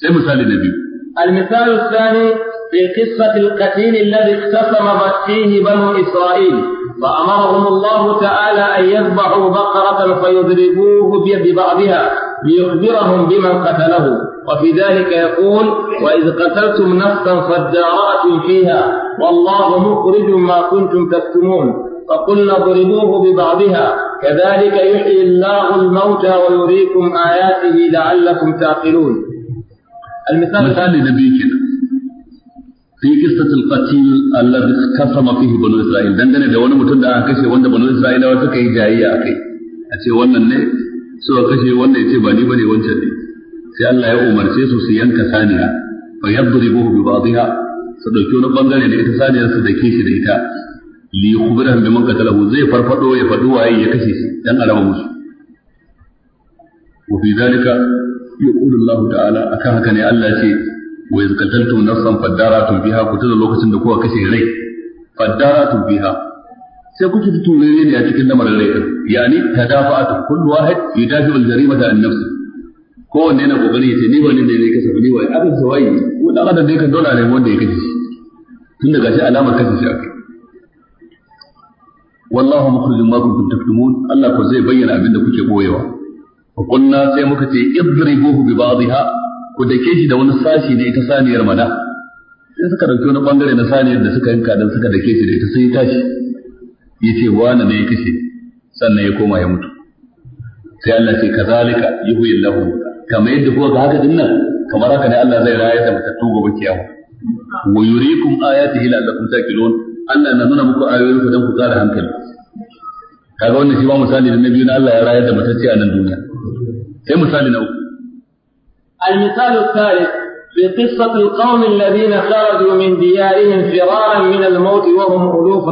sai misali na biyu al misalu thani في قصة القتيل الذي اختصم فيه بنو إسرائيل فأمرهم الله تعالى أن يذبحوا بقرة فيضربوه ببعضها ليخبرهم بمن قتله وفي ذلك يقول وإذ قتلتم نفسا فادارأتم فيها والله مخرج ما كنتم تكتمون فقلنا اضربوه ببعضها كذلك يحيي الله الموتى ويريكم آياته لعلكم تعقلون المثال مثال النبي fi qistatil qatil alladhi kasama fihi banu isra'il dangane da wani mutum da aka kashe wanda banu isra'ilawa suka yi jayayya akai a ce wannan ne su aka kashe wanda yace ba ni bane wancan ne sai Allah ya umarce su su yanka saniya fa yadribuhu bi ba'dihha su dauki wani bangare da ita saniyar su dake shi da ita li yukhbirahum bi man qatalahu zai farfado ya fadu waye ya kashe shi dan alama musu wa fi zalika yaqulu Allah ta'ala akan haka ne Allah ce wa iz qataltum nafsan tun biha ku tada lokacin da kowa kashe rai fadaratu biha sai kuke tunani ne a cikin lamarin rai yani tadafa'atu kullu wahid yudafi al jarimata an nafsi kowanne yana kokarin ya ce ni wani ne ne kasa ni wai abin ko wanda kada ne kan dole ne wanda ya kashe shi tun daga shi alamar kashe shi akai wallahu mukhrijum ma kuntum taktumun Allah ko zai bayyana abin da kuke boyewa wa kunna sai muka ce idribuhu bi ba'dihha ku dake shi da wani sashi ne ita saniyar mana sai suka dauki wani bangare na saniyar da suka yanka dan suka dake shi da ita sai ya tashi ya ce wani ne ya kashe sannan ya koma ya mutu sai Allah ce kazalika yuhyi Yallahu. kamar yadda kuka ga haka dinnan kamar haka ne Allah zai raya da matattu gobe kiyama wa yuriikum ayatihi la'allakum taqilun Allah na nuna muku ayoyin ku dan ku tsara hankali kaga wannan shi ba misali da nabi na Allah ya rayar da matacce a nan duniya sai misali na uku المثال الثالث في قصة القوم الذين خرجوا من ديارهم فرارا من الموت وهم ألوف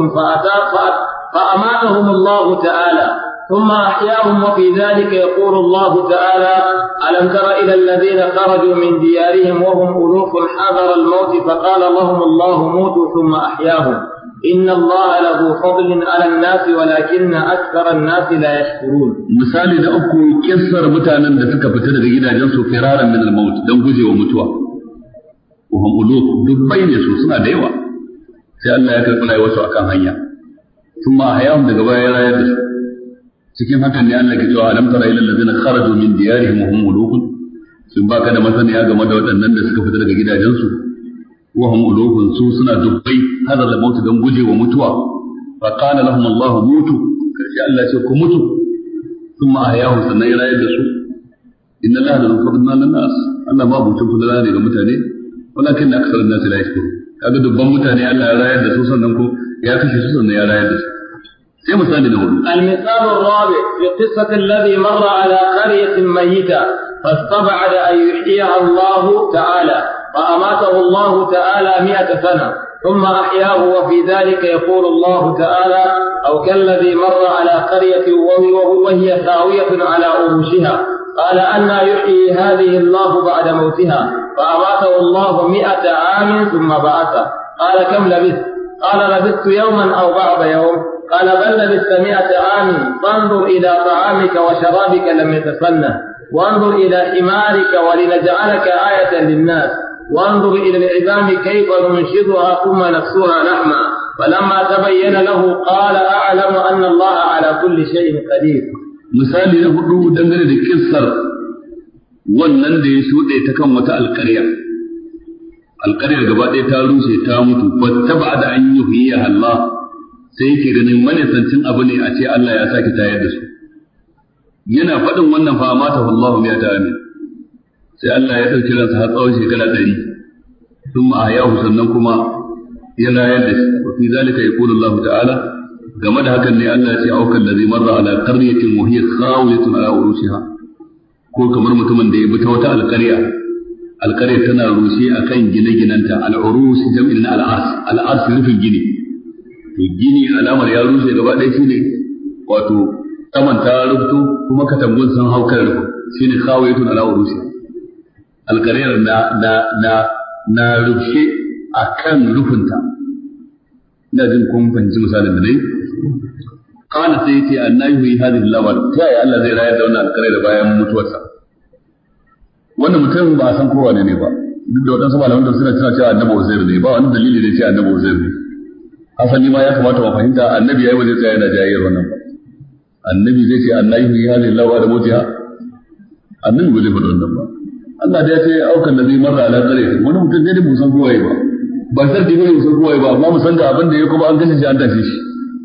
فأماتهم الله تعالى ثم أحياهم وفي ذلك يقول الله تعالى ألم تر إلى الذين خرجوا من ديارهم وهم ألوف حذر الموت فقال لهم الله موتوا ثم أحياهم إن الله له فضل على الناس ولكن أكثر الناس لا يشكرون مثال إذا أكو كسر متانا لتك فتدر إلى جنس فرارا من الموت دم جزي ومتوى وهم ألوك دبين يسوسنا ديوة سألنا يكرق لا يوسع كان هيا ثم أحياهم دقبايا لا يدس cikin hakan ne Allah ke cewa alam tara ila allazina kharaju min diyarihim wa hum mulukun sun baka da masaniya game da waɗannan da suka fita daga gidajensu wa hum ulufun su suna dubbai hada da mautu dan gujewa mutuwa fa qala lahum Allah mutu karshe Allah ya ce ku mutu thumma ahyahu sannan ya rayar da su inna Allah la yuqaddimu lin nas Allah ba mutum fulala ne ga mutane walakin aksar nas la yashkuru kaga dubban mutane Allah ya rayar da su sannan ya kashe su sannan ya su sai al fi فاستبعد أن يحييها الله تعالى فأماته الله تعالى مئة سنة ثم أحياه وفي ذلك يقول الله تعالى أو كالذي مر على قرية وهي خاوية على عروشها قال أنا يحيي هذه الله بعد موتها فأماته الله مئة عام ثم بعثه قال كم لبثت قال لبثت يوما أو بعض يوم قال بل لبثت مئة عام فانظر إلى طعامك وشرابك لم يتسنه وانظر إلى حمارك ولنجعلك آية للناس وانظر إلى العظام كيف ننشدها ثم نكسوها لحما فلما تبين له قال أعلم أن الله على كل شيء قدير misali na hudu dangane da kissar wannan da ya shuɗe ta kan wata alƙarya alƙaryar gaba ɗaya ta rushe ta mutu ba ta ba da an yi huyiyya Allah sai yake ganin manisancin abu ne a ce Allah ya sake tayar da su yana faɗin wannan fa mata wallahu ya ta amin sai Allah ya ɗauki ransa har tsawon shekara ɗari sun ma'ayahu sannan kuma ya rayar da shi wa fi zalika ya kula Allah ta'ala game da hakan ne Allah ya ce aukan da zai marra ala qaryatin wa hiya khawiyatun ala urushiha ko kamar mutumin da ya bi ta wata alƙarya alƙarya tana rushe akan gine-ginanta al'urus jam'in na al'ars al'ars rufin gini to gini alamar ya rushe gaba ɗaya shine wato saman ta rubuto kuma katangun sun hau kan rufin shine khawiyatun ala urushiha alkariyar na na na na rufe a kan rufinta ina jin kun fahimci misalin da nai kana sai yace annabi yi hadin lawar ta yaya Allah zai rayar da wannan alkariyar bayan mutuwarsa wannan mutum ba a san kowa ne ba duk da waɗansu malaman da suna suna cewa annabi uzair ne ba wani dalili da ya ce annabi uzair ne asali ma ya kamata mu fahimta annabi yayi waje tsaya yana jayyar wannan annabi zai ce annabi yi hadin lawar da mutiya annabi ba zai faɗi wannan ba Allah da ya ce aukan da zai marra ala kare wani mutum ne da mu san kowaye ba ba sai da yake san kowaye ba amma mu ga abin da ya kuma an kashe shi an tashi shi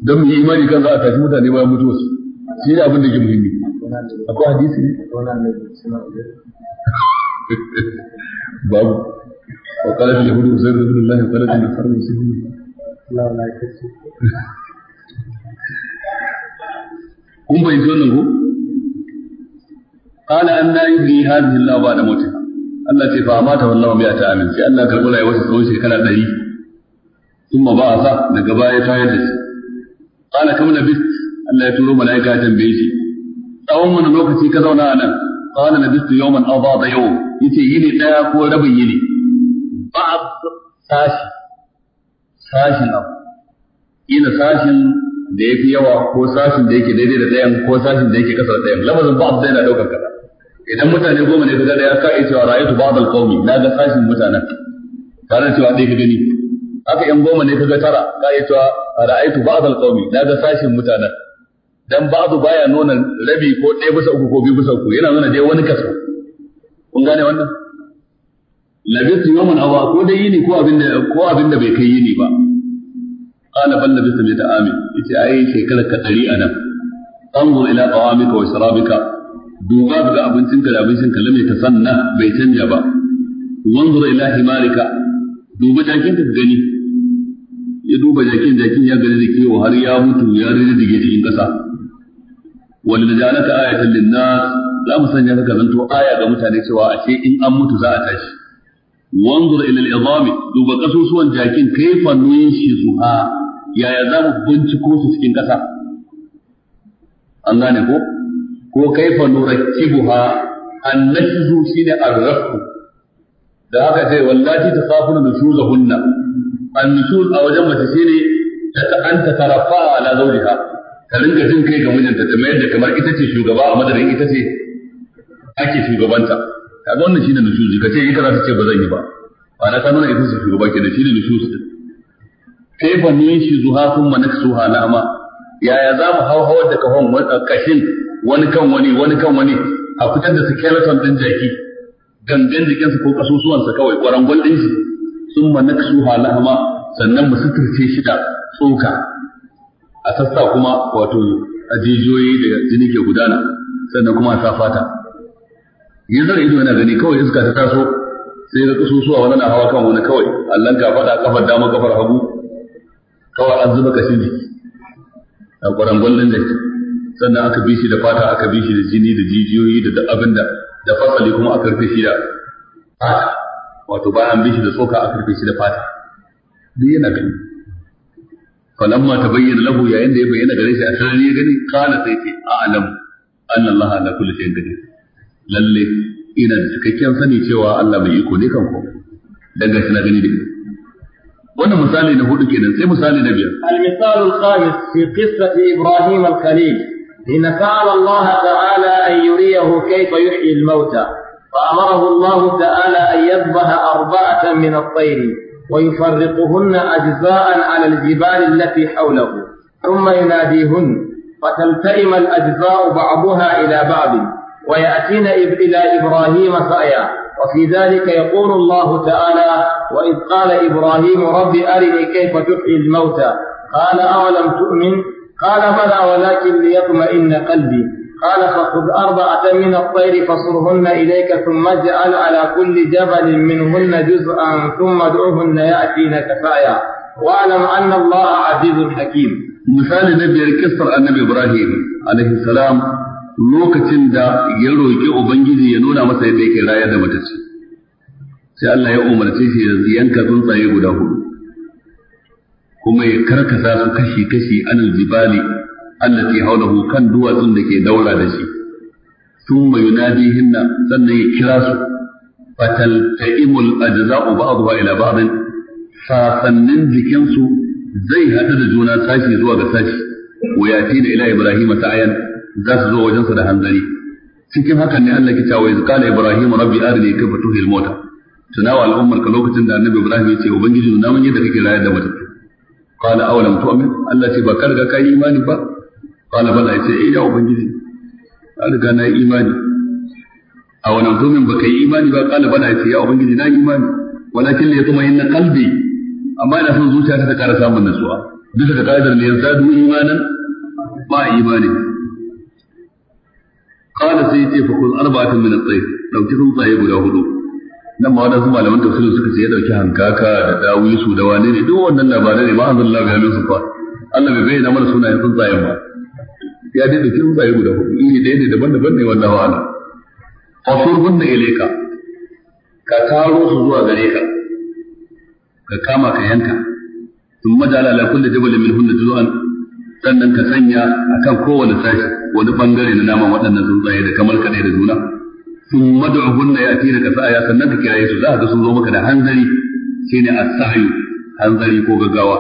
don mu yi imani kan za a tashi mutane bayan mutuwa su shi ne abin da ke muhimmi akwai hadisi ne babu wa qala al yahudu uzair ibn allah wa qala al nasara uzair ibn allah la ilaha illa kun bai zo nan ko qala anna yuhyi hadhihi Allah ba'da mautiha Allah ce fa amata wallahu bi ta amin sai Allah karbi rayuwar sa tsawon shekara 100 kuma ba sa daga baya ta yadda shi qala kam nabi Allah ya turo malaika tambaye shi tsawon mun lokaci ka zauna a nan qala nabistu yawman aw ba'da yawm yace yini ko sashi sashin abu sashin da ya fi yawa ko sashin da yake daidai da ɗayan ko sashin da yake ƙasa da ɗayan lafazin ba'd yana ɗaukar kaza idan mutane goma ne kaga da ya sa'i cewa tu ba'd al-qawmi na ga sashin mutanen tare cewa dai ka gani haka yan goma ne kaga tara ka yi cewa ra'aytu ba'd al-qawmi na ga sashin mutanen dan ba'du baya nuna rabi ko ɗaya bisa uku ko biyu bisa uku yana nuna dai wani kaso kun gane wannan labistu yawman awa ko dai yini ko abin ko bai kai yini ba qala bal labistu bi ta'ami yace ai shekarar ka 100 anan anzur ila qawamika wa sharabika duba ga abincin ka da abincin ka lame ta sanna bai canja ba wanzura ila himarika duba jakin ka gani ya duba jakin jakin ya gani da kewa har ya mutu ya rage dige cikin kasa wal najalata ayatan linnas za mu sanya ka zanto aya ga mutane cewa ashe in an mutu za a tashi wanzura ila al-idami duba kasusuwan jakin kaifa zuha, yaya za mu binciko su cikin kasa an gane ko ko kaifa nurakkibuha annashzu shine arrafu da haka sai wallahi ta kafuna nushuzahunna annushuz a wajen mace shine ta an ta tarafa ala zawjiha ta rinka jin kai ga mijinta ta mayar da kamar ita ce shugaba a madadin ita ce ake shugabanta kaga wannan shine nushuzi kace ita za ta ce ba zan yi ba ba na sanar ita ce shugaba ke da shine nushuzi kaifa nushi zuha thumma naksuha lama yaya za mu hauhawar da kahon kashin wani kan wani wani kan wani a fitar da skeleton din jaki gangan jikinsa ko kasusuwansa kawai kwarangon din shi sun ma naksu halama sannan mu suturce shi da tsoka a sassa kuma wato ajijoyi da jini ke gudana sannan kuma a fata ya zara ido yana gani kawai iska ta taso sai ga kasusuwa wani na hawa kan wani kawai allan ka faɗa kafar dama kafar hagu kawai an zuba kashin jiki a kwarangon din jaki sannan aka bi shi da fata aka bi shi da jini da jijiyoyi da duk abin da da fasali kuma aka rufe shi da fata wato bayan an bi shi da tsoka aka rufe shi da fata duk yana gani falamma tabayyana lahu yayin da ya bayyana gare shi a sarari ya gani kana sai ce a'lam anna allaha ala kulli shay'in qadir lalle ina da cikakken sani cewa Allah mai iko ne kan komai dan gashi na gani da wannan misali na hudu kenan sai misali na biyar al-misal al-khamis fi qissati ibrahim al-khalil لنسأل الله تعالى أن يريه كيف يحيي الموتى فأمره الله تعالى أن يذبح أربعة من الطير ويفرقهن أجزاء على الجبال التي حوله ثم يناديهن فتلتئم الأجزاء بعضها إلى بعض ويأتين إلى إبراهيم سعيا وفي ذلك يقول الله تعالى وإذ قال إبراهيم رب أرني كيف تحيي الموتى قال أولم تؤمن قال بلى ولكن ليطمئن قلبي قال فخذ أربعة من الطير فصرهن إليك ثم اجعل على كل جبل منهن جزءا ثم ادعوهن يأتينك سعيا واعلم أن الله عزيز حكيم مثال نبي كسر النبي إبراهيم عليه السلام lokacin da ya roƙi Ubangiji ya nuna masa yadda yake rayar da matace sai Allah ya umarce shi ya yanka tsuntsaye guda hudu kuma ya karkasa su kashi-kashi anil jibali allati haulahu kan duwatsun da ke daura da shi thumma yunadihinna sannan ya kira su fataltaimul ajza'u ba'dha ila ba'd sasannin jikinsu zai hadu da juna sashi zuwa ga sashi wa yatina ila ta ta'ayan za su zo wajensa da hanzari cikin hakan ne Allah ke cewa iz qala ibrahim rabbi arini kayfa tuhil mota tunawa al'ummar ka lokacin da annabi ibrahim ya ce ubangiji nuna mun yadda kake rayar da mutum qala aw lam tu'min Allah ce ba ka riga ka yi imani ba qala bala yace eh ya ubangiji na riga na yi imani aw lam tu'min ba kai imani ba qala bala yace ya ubangiji na yi imani walakin li yatma'inna qalbi amma ina son zuciya ta ƙara samun nutsuwa bisa ga ka'idar ne yazadu imanan ba imani qala sai ce fa kul arba'atan min at-tayr dauki tsuntsaye guda hudu nan ma wadansu malaman tafsiri suka ce ya dauki hankaka da dawisu da wane ne duk wannan labarai ne ma an zalla ga su fa Allah bai bayyana mana sunayen tsuntsayen ba ya dai dauki tsuntsaye guda hudu ne dai ne daban-daban ne wannan wa'ala fasurgun da ilaika ka taro su zuwa gare ka ka kama ka yanka sun majala ala kulli jabalin min hunna juz'an sannan ka sanya akan kowane sashi wani bangare na naman waɗannan tsuntsaye da kamar kaɗai da juna sun mad'uhunna ya'tina ka sa'aya sannan ka kiraye su za ka sun zo maka da hanzari shine as-sahyu hanzari ko gaggawa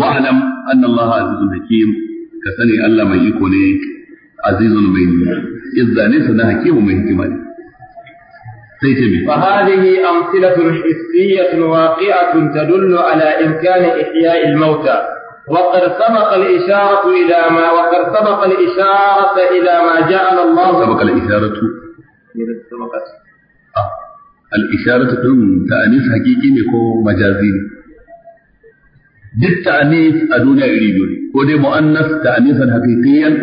wa alam anna Allah azizun hakim ka sani Allah mai iko ne azizun mai izza ne sanan hakimu mai hikima ne sai ce mai فهذه أمثلة حسية واقعة تدل على إمكان إحياء الموتى وقد سبق الإشارة إلى ما وقد سبق الإشارة إلى ما جعل الله سبق الإشارة al ta din ta'anif haƙiƙi ne ko majazi ne duk ta'anif a duniya iri biyu ko dai mu'annas ta'anifan haƙiƙiyan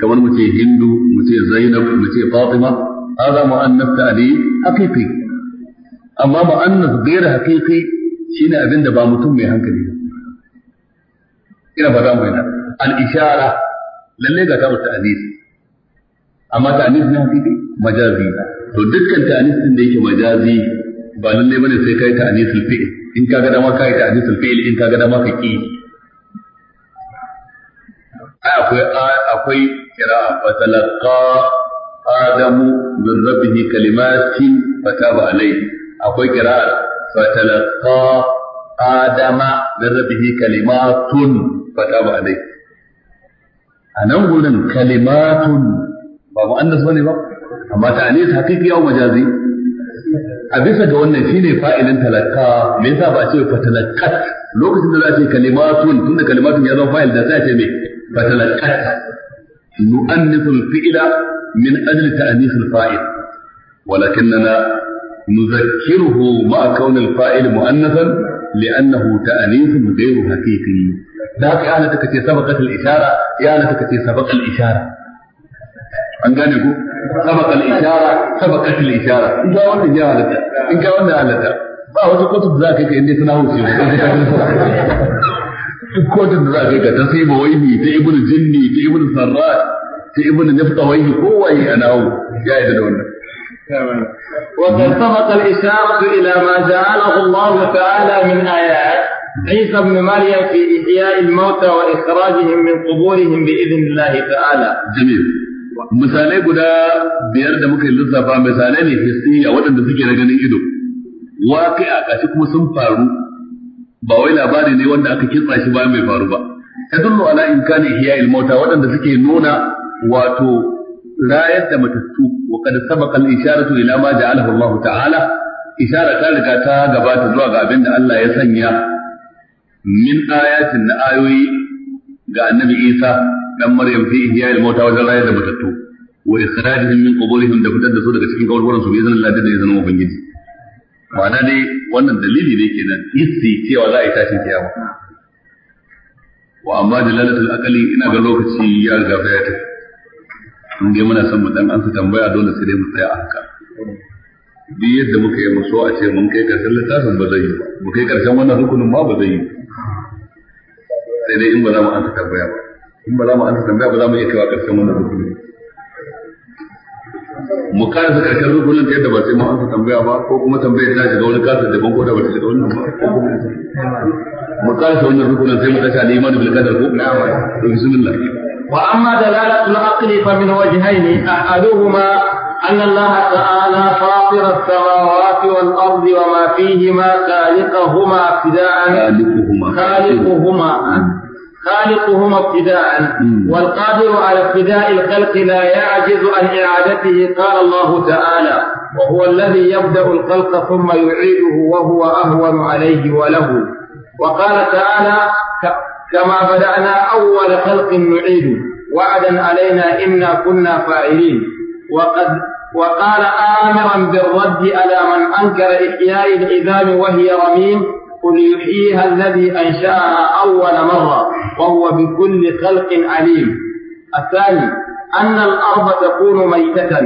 kamar mu ce hindu mu ce zainab mu ce fatima hada mu'annas ta'anif haƙiƙi. amma mu'annas ghairu haqiqi shine abin da ba mutum mai hankali ba ina ba za mu yana al-ishara lalle ga ta ta'anif amma ta'anif ne haƙiƙi? majazi to dukkan ta'anis da yake majazi ba lalle bane sai kai ta'anisul fi'l in ka ga dama kai ta'anisul fi'l in ka ga dama ka ki ai akwai akwai kira fa talaqa adamu min rabbih kalimatin taba alayhi akwai kira fa talaqa adama min rabbih kalimatun taba alayhi anan gurin kalimatun ba mu annas bane ba amma ta'anis haqiqi aw majazi a bisa ga wannan shine fa'ilin talakka me yasa ba a ce fatalakkat lokacin da za a ce kalimatun da kalimatun ya zama fa'il da za a ce me fatalakkat nu'annithu al min ajli ta'anis al-fa'il ولكننا نذكره مع كون الفاعل مؤنثا لأنه تأنيث غير حقيقي ذاك أهل تكتي سبقت الإشارة يا أهل تكتي سبق an gane ku sabaka al-ishara sabakat al-ishara in ga wannan ya halatta in ga wannan halatta ba wata kotu da za ka kai inda tana huce duk kotun da za ka kai ta sai mawaibi ta ibnu jinni ta ibnu sarrat ta ibnu naftawaihi kowaye ana hu ya yi da wannan وقد سبق الإشارة إلى ما جعله الله تعالى من آيات عيسى بن مريم في إحياء الموتى وإخراجهم من قبورهم بإذن الله تعالى. جميل. misalai guda biyar da muka yi lissafa misalai ne a waɗanda suke na ganin ido waƙi a ƙashi kuma sun faru ba wai labari ne wanda aka kitsa shi bayan bai faru ba tadullu ala imkani hiyayil mauta waɗanda suke nuna wato rayar da matattu wa kad sabaqa al isharatu ila ma ja'alahu Allah ta'ala ishara ta riga ta gabata zuwa ga abin da Allah ya sanya min ayatin na ayoyi ga annabi Isa dan maryam fi ihya al mauta wajen rayar da matattu wa ikhrajihim min quburihim da fitar da su daga cikin kaburburan su bi izinin Allah da izinin ubangiji ma'ana dai wannan dalili ne kenan isi cewa za a yi tashin kiyama wa amma dalalatul aqli ina ga lokaci ya ga bayata Mun tafi in dai muna son mu dan an su tambaya dole sai dai mu tsaya a haka duk yadda muka yi maso a ce mun kai karshen littafin ba zai yi ba mu kai karshen wannan rukunin ma ba zai yi sai dai in ba za mu an ta tambaya ba in ba za mu ansa tambaya ba za mu iya kaiwa karshen wannan rukuni mu karasa karshen rukunin ta yadda ba sai mu ansa tambaya ba ko kuma tambayar ta shiga wani kasa daban ko da ba ta shiga wannan ba mu karasa wannan rukunin sai mu tashi al-iman bil qadar ko to bismillah wa amma dalalatul aqli fa min wajhayn ahaduhuma أن الله تعالى فاطر السماوات والأرض وما فيهما خالقهما ابتداء خالقهما خالقهما ابتداء والقادر على ابتداء الخلق لا يعجز عن إعادته قال الله تعالى وهو الذي يبدأ الخلق ثم يعيده وهو أهون عليه وله وقال تعالى كما بدأنا أول خلق نعيد وعدا علينا إنا كنا فاعلين وقد وقال آمرا بالرد على من أنكر إحياء العظام وهي رميم قل يحييها الذي أنشأها أول مرة وهو بكل خلق عليم الثاني أن الأرض تكون ميتة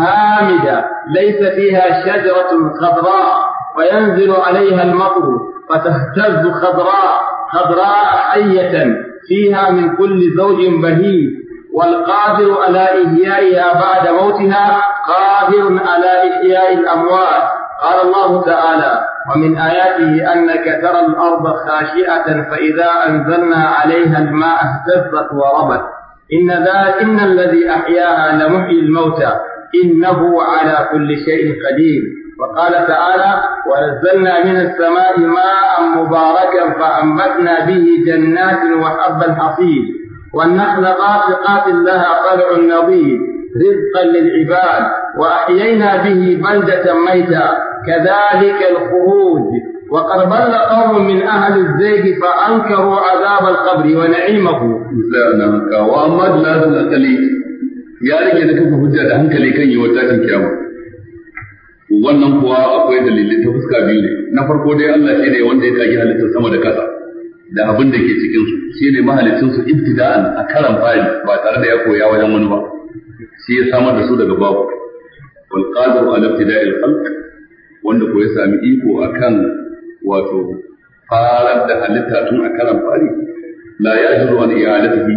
هامدة ليس فيها شجرة خضراء وينزل عليها المطر فتهتز خضراء خضراء حية فيها من كل زوج بهيج والقادر على إحيائها بعد موتها قادر على إحياء الأموات قال الله تعالى ومن آياته أنك ترى الأرض خاشئة فإذا أنزلنا عليها الماء اهتزت وربت إن, ذا إن الذي أحياها لمحيي الموتى إنه على كل شيء قدير وقال تعالى ونزلنا من السماء ماء مباركا فأنبتنا به جنات وحب الحصيد والنخل باسقات لها طلع نضيد رزقا للعباد وأحيينا به بلدة ميتا كذلك الخروج وقد ضل قوم من أهل الزيت فأنكروا عذاب القبر ونعيمه لا وأما جلاد الأقلي يا رجل أنك فهجة أنك لكي يوتاك كيامك wannan kuwa akwai dalilin ta fuska biyu ne na farko dai Allah shi ne wanda ya kage halittar sama da kasa da abin da ke cikin su shi ne mahalicin su ibtida'an a karan fari ba tare da ya koya wajen wani ba shi ya samar da su daga babu wal qadiru ala ibtida'il khalq wanda ko ya sami iko akan wato farar da halitta tun a karan fari la yajiru an i'alatihi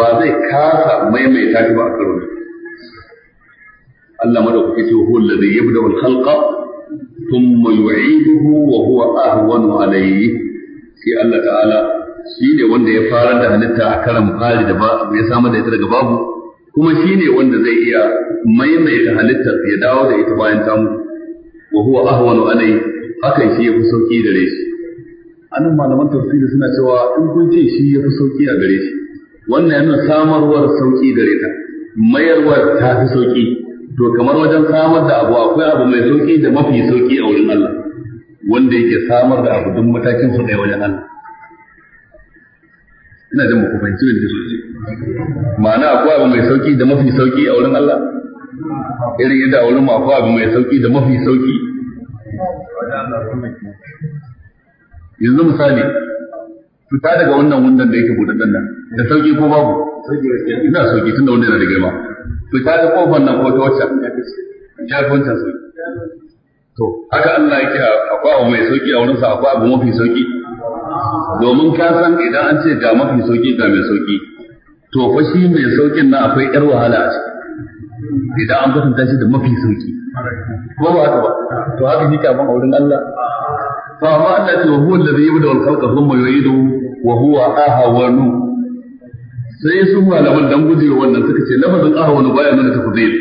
ba zai kasa maimaita shi ba a karo Allah madaukaki ce huwa alladhi yabda'u al-khalqa thumma yu'iduhu wa huwa ahwanu alayhi sai Allah ta'ala shi ne wanda ya fara da halitta a karan fari da ba ya samar da ita daga babu kuma shi ne wanda zai iya maimaita halitta ya dawo da ita bayan ta mutu wa huwa ahwanu alai hakan shi yafi sauki da shi anan malaman tafsiri suna cewa in kun ce shi yafi sauki a gare shi wannan yana samarwar sauki gare ta mayarwar ta fi sauki to kamar wajen samar da abu akwai abu mai sauki da mafi sauki a wurin Allah wanda yake samar da abu duk matakin su ɗaya wajen Allah ina jin muku fahimci ne so ma'ana akwai abu mai sauki da mafi sauki a wurin Allah irin yadda a wurin akwai abu mai sauki da mafi sauki yanzu misali fita daga wannan wundan da yake buɗaɗɗen nan da sauki ko babu ina sauki tunda wanda yana da girma fita da kofar nan ko ta wacce ya fi wancan sauki to haka Allah yake akwai abu mai sauki a wurinsa akwai abu mafi sauki domin ka san idan an ce ga mafi sauki ga mai sauki to fa shi mai saukin nan akwai yar wahala a ciki idan an kwatanta shi da mafi sauki ko ba haka ba to haka shi kafin aurin Allah fa amma Allah ce wa huwa alladhi yabda wal khalqa thumma yu'idu wa huwa ahwanu sai su malaman dan gujewa wannan suka ce lafazin ahwanu baya nuna tafdil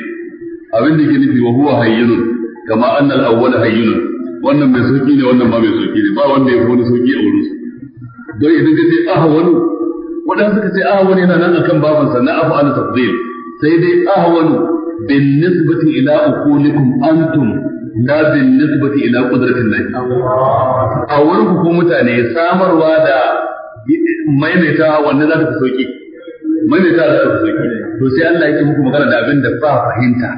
abin da ke nufi wa huwa hayyun kama annal awwal hayyun wannan mai sauki ne wannan ba mai sauki ne ba wanda ya fi wani sauki a wurin su don idan ka ce aha wani waɗansu suka ce aha wani yana nan akan babansa na afa ana tafzil sai dai aha wani bin nisbati ila ukulikum antum la bin nisbati ila qudratin lahi a wurin ku mutane samarwa da maimaita wanda za ta fi sauki maimaita za ta fi sauki to sai Allah yake muku magana da abin da ba fahimta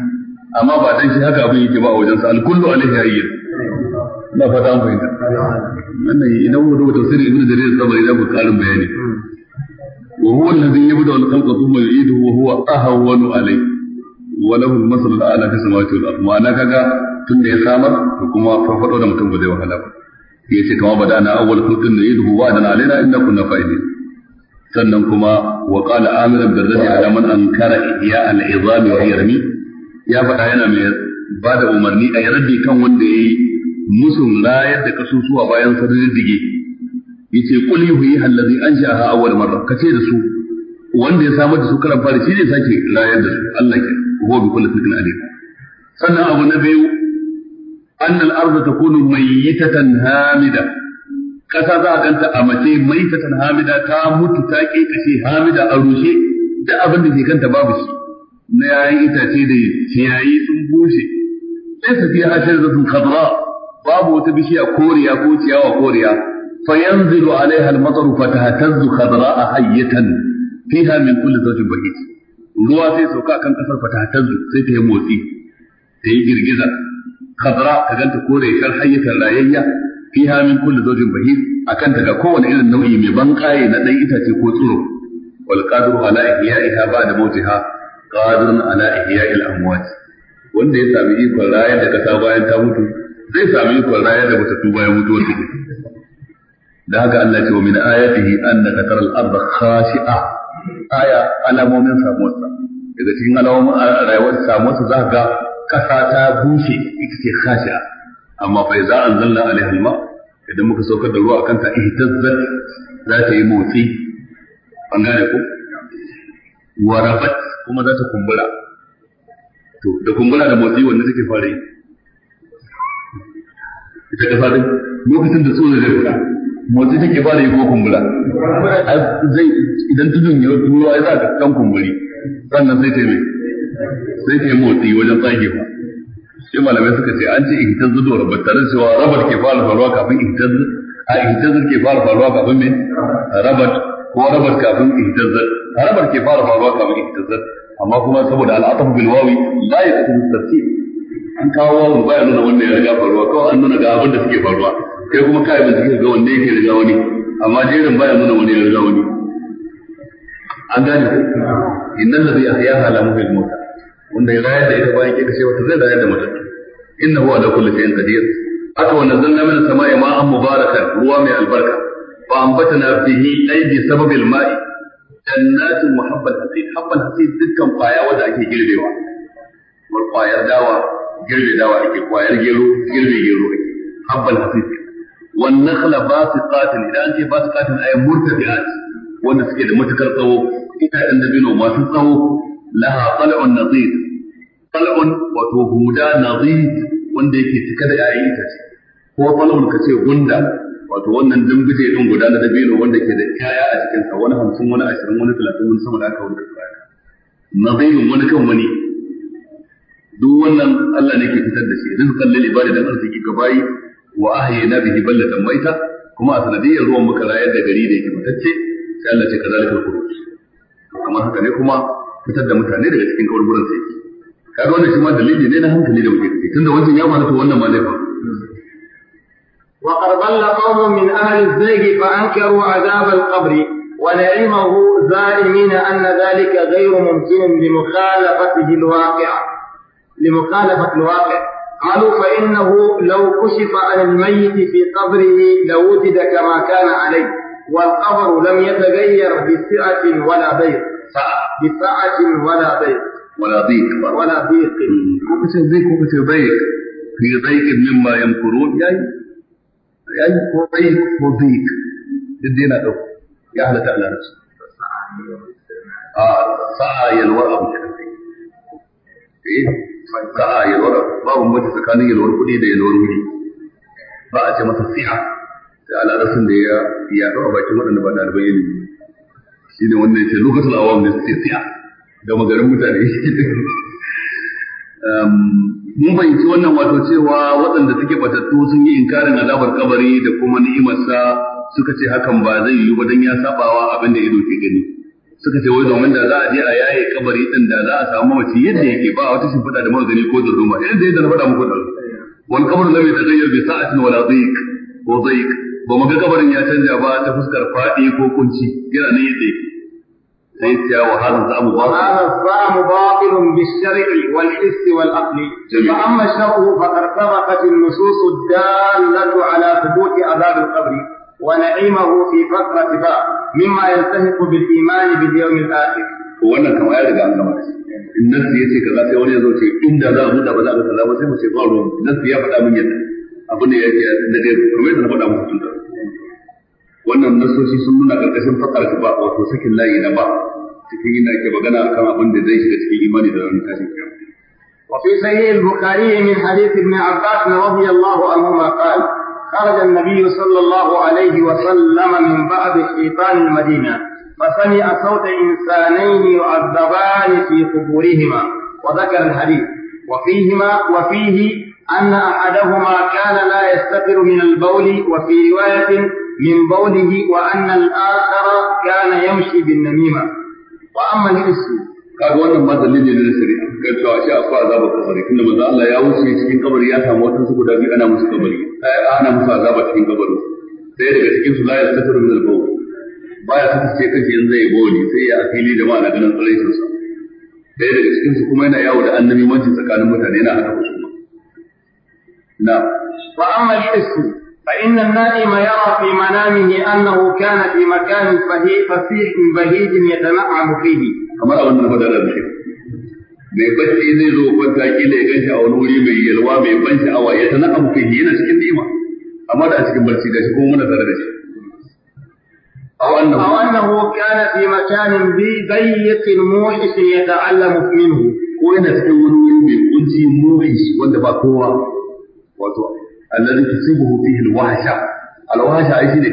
amma ba dan shi haka abin yake ba a wajen sa al kullu alaihi hayyin na fata mu bayyana wannan idan mu rubuta tafsirin ibnu jarir tabari za ku karin bayani wa huwa alladhi yabda al khalqa thumma yu'iduhu wa huwa ahwanu alayh wa lahu al masal al a'la fi samawati wal ardh ma'ana kaga tun da ya samar to kuma farfado da mutum ba zai wahala ba yace kama badana awwal khalqin nu'iduhu wa adana alaina inna kunna fa'ilin sannan kuma wa qala amiran birrati ala man ankara ihya al izami wa yarmi ya faɗa yana mai ba da umarni a yarda kan wanda ya yi musun rayar da kasusuwa bayan sarari dige yace qul yuhyi allazi ansha'aha awwal marra kace da su wanda ya samar da su karan fari shi ne sake rayar da su Allah ke huwa bi kulli shay'in alim sannan abu na biyu anna al-ardu takunu mayyitatan hamida kasa za a ganta a mace maitatan hamida ta mutu ta kekashe hamida a rushe da abin da ke kanta babu shi na yayin itace da ciyayi sun bushe laysa fiha shajaratun khadra babu wata bishiya koriya ko ciyawa koriya fayanzilu alaiha al-mataru fatahtazzu khadra'a hayyatan fiha min kulli zawjin bahij ruwa sai sauka kan kasar fatahtazzu sai ta yi motsi ta yi girgiza khadra ka ganta kore shar hayyatan rayayya fiha min kulli zawjin bahij akan ta ga kowane irin nau'i mai ban na dan itace ko tsiro wal qadiru ala ihya'iha wanda ya sami ikon rayar da kasa bayan ta mutu zai sami ikon rayar da mutu bayan mutuwar ta da haka Allah ce wa min ayatihi annaka taral arda khashi'a aya alamomin samuwarsa daga cikin alamomin rayuwar samuwarsa za ka ga kasa ta bushe ita ce khashi'a amma fa idza anzalna alaiha alma idan muka saukar da ruwa akan ta ihtazzat za ta yi motsi an gane ku? ko warabat kuma za ta kumbura to da kumbura da motsi wanda take fara yi ita da fadin lokacin da tsoro zai fita motsi take fara yi ko kumbura zai idan tudun ya turo ai za ka kan kumburi sannan sai ta yi sai motsi wajen tsagewa sai malamai suka ce an ce ihtar zuwa rabar tare cewa rabar ke fara faruwa kafin ihtar a ihtazar ke fara faruwa kafin mai rabar. ko rabar kafin ihtazar rabat ke fara faruwa kafin ihtazar amma kuma saboda al'atafu bil wawi la yaqtadu tartib an kawo ba baya nuna wanda ya riga faruwa kawai an nuna ga abin da suke faruwa kai kuma kai bincike ga wanda yake riga wani amma jerin baya nuna wani ya riga wani an gane ku innal ladhi ahyaha la muhyil mauta wanda ya rayar da ita bayan kika ce wata zai rayar da matattu innahu ala kulli shay'in qadir aka wannan zanna min sama'i ma'an mubarakan ruwa mai albarka fa ambatana bihi ay sababil ma'i jannatin wa habbal hasid habbal hasid dukkan kwaya wanda ake girbewa war kwayar dawa girbe dawa ake kwayar gero girbe gero ake habbal hasid wan nakhla basiqatin idan ce basiqatin ay murtafi'at wanda suke da matukar tsawo ita dan dabino masu tsawo laha tal'un nadid tal'un wato huda nadid wanda yake cika da 'ya'yan itace ko tal'un kace gunda wato wannan dambije din guda na dabino wanda ke da kaya a cikin sa wani hamsin wani ashirin wani talatin wani sama da aka wanda Na haka nazairun wani kan wani duk wannan Allah ne ke fitar da shi rizqan lil ibadi dan arziki ga bayi wa ahyayna bihi da maita kuma a sanadiyyar ruwan muka rayar da gari da yake matacce sai Allah ce kazalikal khuruj kamar haka ne kuma fitar da mutane daga cikin kaburburan sai kaga wannan shi ma dalili ne na hankali da muke tunda wancan ya faru to wannan ma zai faru وقد ضل قوم من أهل الزيغ فأنكروا عذاب القبر ونعمه زائمين أن ذلك غير ممكن لمخالفته الواقع لمخالفة الواقع قالوا فإنه لو كشف عن الميت في قبره لوجد كما كان عليه والقبر لم يتغير بسعة ولا ضيق بسعة ولا ضيق ولا ضيق ولا ضيق وقت ضيق وقت ضيق في ضيق مما يمكرون يعني yayi ko dai ko dai duk dai na dauka ya halatta a larabci a sa'a yalwar abu kenan eh sa'a yalwar babu mutu tsakanin yalwar kuɗi da yalwar wuri ba a ce masa siya. sai a larabcin da ya ya a bakin waɗanda ba ɗaliban ilimi shi ne wanda ya ce lokacin awam ne sai si'a da magarin mutane (laughs) mun bayyanci wannan wato cewa waɗanda suke batattu sun yi inkarin azabar kabari da kuma ni'imarsa suka ce hakan ba zai yiwu ba dan ya sabawa abin da ido ke gani suka ce wai domin da za a je a yaye kabari din da za a samu mace yadda yake ba wata shimfiɗa da muka gani ko durduma irin da yadda na faɗa muku da wal kabru lam yataghayyar bi sa'atin wala dhiq wa dhiq ba mu ga kabarin ya canja ba ta fuskar faɗi ko kunci yana ne yadda yake ليس وهذا الزعم باطل هذا الزعم باطل بالشرع والحس والعقل فأما الشرع فقد سبقت النصوص الدالة على ثبوت عذاب القبر ونعيمه في فترة باء مما يلتحق بالإيمان باليوم الآخر wannan kama ya riga an gama shi nassi yace wani yazo ce inda za mu da ba za ka kaza ba sai mu ce ba ruwan nassi ya faɗa na faɗa wannan nasoshi sun nuna karkashin fadar ba wato sakin layi na ba cikin yana ke magana kan abin zai shiga cikin imani da ranar tashin kiyama wa fi sahih al-bukhari min hadith ibn abbas radiyallahu anhu ma qala خرج النبي صلى الله عليه وسلم من بعد حيطان المدينة فسمع صوت إنسانين يعذبان في قبورهما وذكر الحديث وفيهما وفيه أن أحدهما كان لا يستقر من البول وفي رواية من بوله وأن الآخر كان يمشي بالنميمة وأما الحس kaga wannan ma dalili ne na shari'a kan cewa shi akwai azabar kabari tunda manzo Allah ya wuce cikin kabari ya samu wata guda biyu ana musu kabari ana musu azaba cikin kabari sai daga cikin su la yastatiru min al-bawl baya saka ce kashi yanzu zai bawli sai ya afili da ma na ganin tsaraitin sa sai daga cikin su kuma yana yawo da annabi manci tsakanin mutane yana haka su na fa amma al فإن النائم يرى في منامه أنه كان في مكان فسيح بهيج يتنعم فيه كما أقول أنه هذا الأمر. mai bacci zai zo kwanta kila ya ganshi a wani wuri mai yalwa mai ban sha'awa ya tana abu kai yana cikin nima amma da a cikin barci da shi kuma muna tare da shi a wannan a wannan annahu kana fi makanin bi dayyiqin muhis yata'allamu minhu ko yana cikin wani wuri mai kunci muhis wanda ba kowa wato الذي تصيبه فيه الوحشة الوحشة أي شيء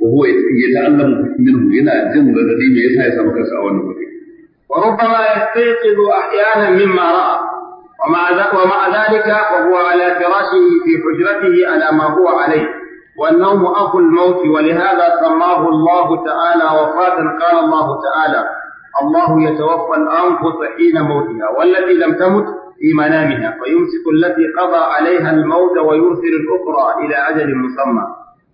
وهو يتألم منه هنا الجن الذي ما يسمع سمكس أو النبي وربما يستيقظ أحيانا مما رأى ومع ومع ذلك وهو على فراشه في حجرته على ما هو عليه والنوم أخو الموت ولهذا سماه الله تعالى وفاة قال الله تعالى الله يتوفى الأنفس حين موتها والتي لم تمت في منامها فيمسك التي قضى عليها الموت ويرسل الأخرى إلى أجل مسمى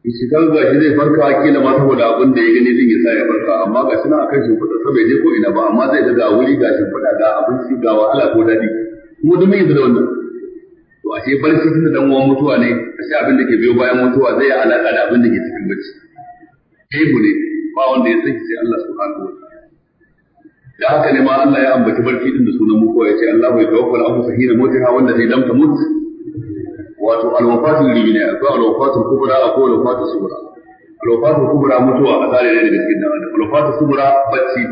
shi kan ga shi zai farka kila ma saboda abin da ya gani din ya sa ya farka amma ga shi na akan shi kuɗa saboda je ko ina ba amma zai ga wuri ga shi kuɗa ga abinci ga wahala ko daɗi kuma duk mai da wannan to ashe barci tunda dan uwan mutuwa ne ashe abin da ke biyo bayan mutuwa zai yi alaƙa da abin da ke cikin barci kai ne ba wanda ya san sai Allah subhanahu wa ta'ala da haka ne ma Allah ya ambaci barci din da sunan mutuwa yace Allahu ya tawaffal anfusa hina mutiha wanda zai lam tamut wato alwafatul limina akwai alwafatul kubra akwai alwafatul sughra alwafatul kubra mutuwa a tsare ne daga cikin nan alwafatul sughra bacci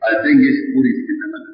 a dange shi kuri cikin nan